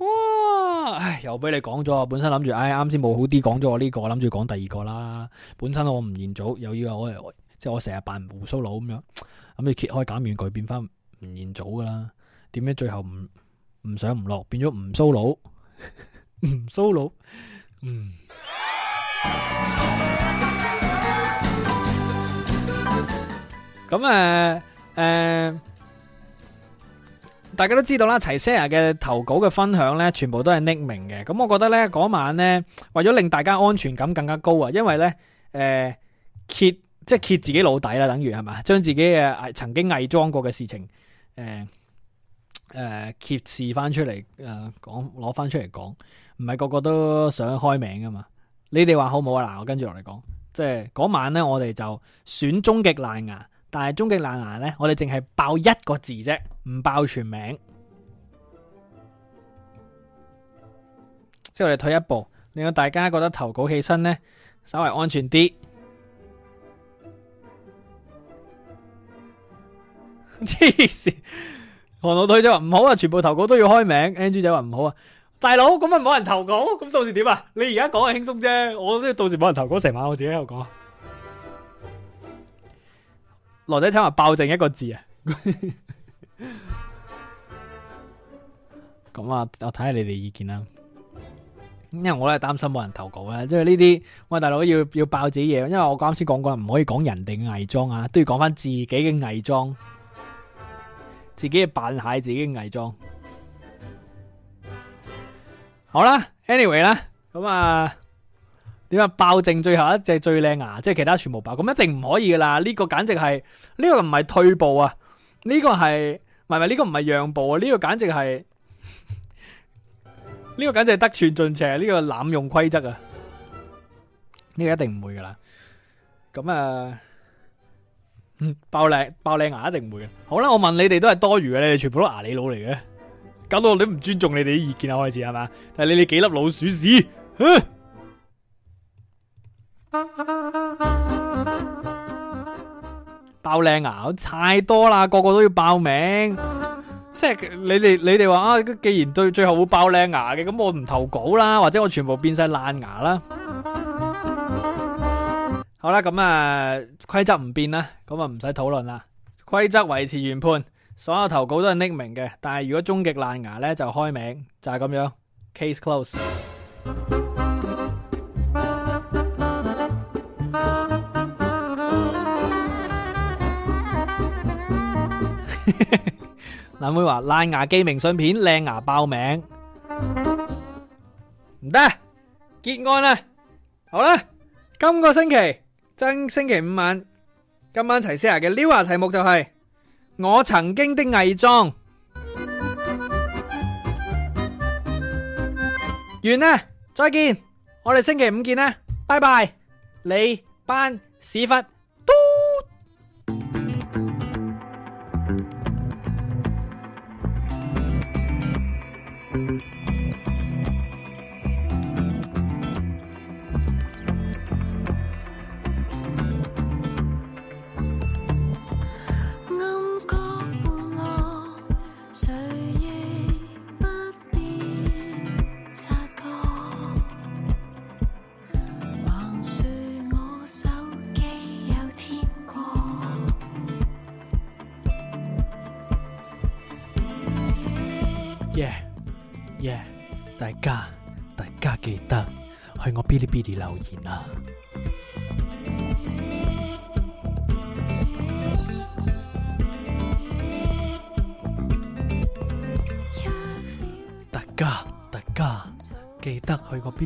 哇！唉，又俾你講咗，本身諗住，唉、哎，啱先冇好啲講咗我呢、這個，諗住講第二個啦。本身我吳彥祖又要。我係。即係我成日扮胡鬚佬咁樣，咁你揭開假面具變翻吳彥祖噶啦，點解最後唔唔上唔落變咗吳騷佬？吳騷佬，嗯。咁誒、誒，大家都知道啦，齊 Sir 嘅投稿嘅分享咧，全部都係匿名嘅。咁我覺得咧，嗰晚咧，為咗令大家安全感更加高啊，因為咧誒、揭。即係揭自己老底啦，等於係嘛？將自己嘅、啊、曾經偽裝過嘅事情，誒、呃、誒、呃、揭示翻出嚟，誒，講攞翻出嚟講，唔係個個都想開名噶嘛？你哋話好唔好啊？嗱，我跟住落嚟講，即係嗰晚咧，我哋就選終極爛牙，但係終極爛牙咧，我哋淨係爆一個字啫，唔爆全名。即係我哋退一步，令到大家覺得投稿起身咧，稍微安全啲。黐線，黃老太就話唔好啊，全部投稿都要開名。Angie 姐話唔好啊，大佬咁咪冇人投稿，咁到時點啊？你輕鬆而家講係輕鬆啫，我呢到時冇人投稿，成晚我自己喺度講。羅仔聽話爆剩一個字啊！咁 啊，我睇下你哋意見啦。因為我咧擔心冇人投稿咧，因為呢啲我大佬要要爆自己嘢，因為我啱先講過唔可以講人哋嘅偽裝啊，都要講翻自己嘅偽裝。自己扮蟹，自己嘅偽裝。好啦，anyway 啦，咁啊，點啊？爆正最後一隻最靚牙，啊，即、就、係、係、其他全部爆，咁一定唔可以噶啦。呢、呢個簡直係，呢、呢個唔係退步啊，呢、呢個係，唔係呢個唔係讓步啊，呢、呢個簡直係，呢 個簡直係得寸進尺，呢個濫用規則啊，呢、呢個啊呢個一定唔會噶啦。咁啊。爆靚爆靚牙一定唔會嘅，好啦，我問你哋都係多餘嘅，你哋全部都牙你佬嚟嘅，搞到我都唔尊重你哋啲意見開始係嘛？但係你哋幾粒老鼠屎？啊、爆靚牙太多啦，個個都要爆名，即係你哋你哋話啊，既然最最後會爆靚牙嘅，咁我唔投稿啦，或者我全部變晒爛牙啦。好啦，咁啊規則唔變啦，咁啊唔使討論啦，規則維持原判，所有投稿都係匿名嘅，但係如果終極爛牙呢就開名，就係咁樣，case close。阿妹話爛牙寄明信片，靚牙爆名，唔得，結案啦，好啦，今個星期。正星期五晚，今晚齊師爺嘅溜下題目就係我曾經的偽裝，完啦，再見，我哋星期五見啦，拜拜，你班屎忽。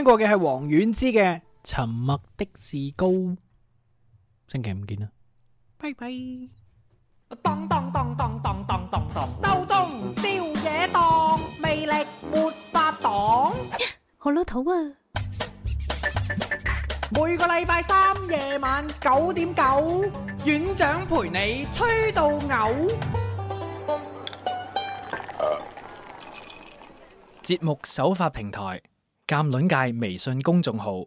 聽過嘅係黃遠之嘅《沉默的士高》，星期五見啦，拜拜。當當當當當當當，當當宵夜檔魅力冇法擋，好老土啊！每個禮拜三夜晚九點九，院長陪你吹到嘔。節目首發平台。鑑論界微信公眾號。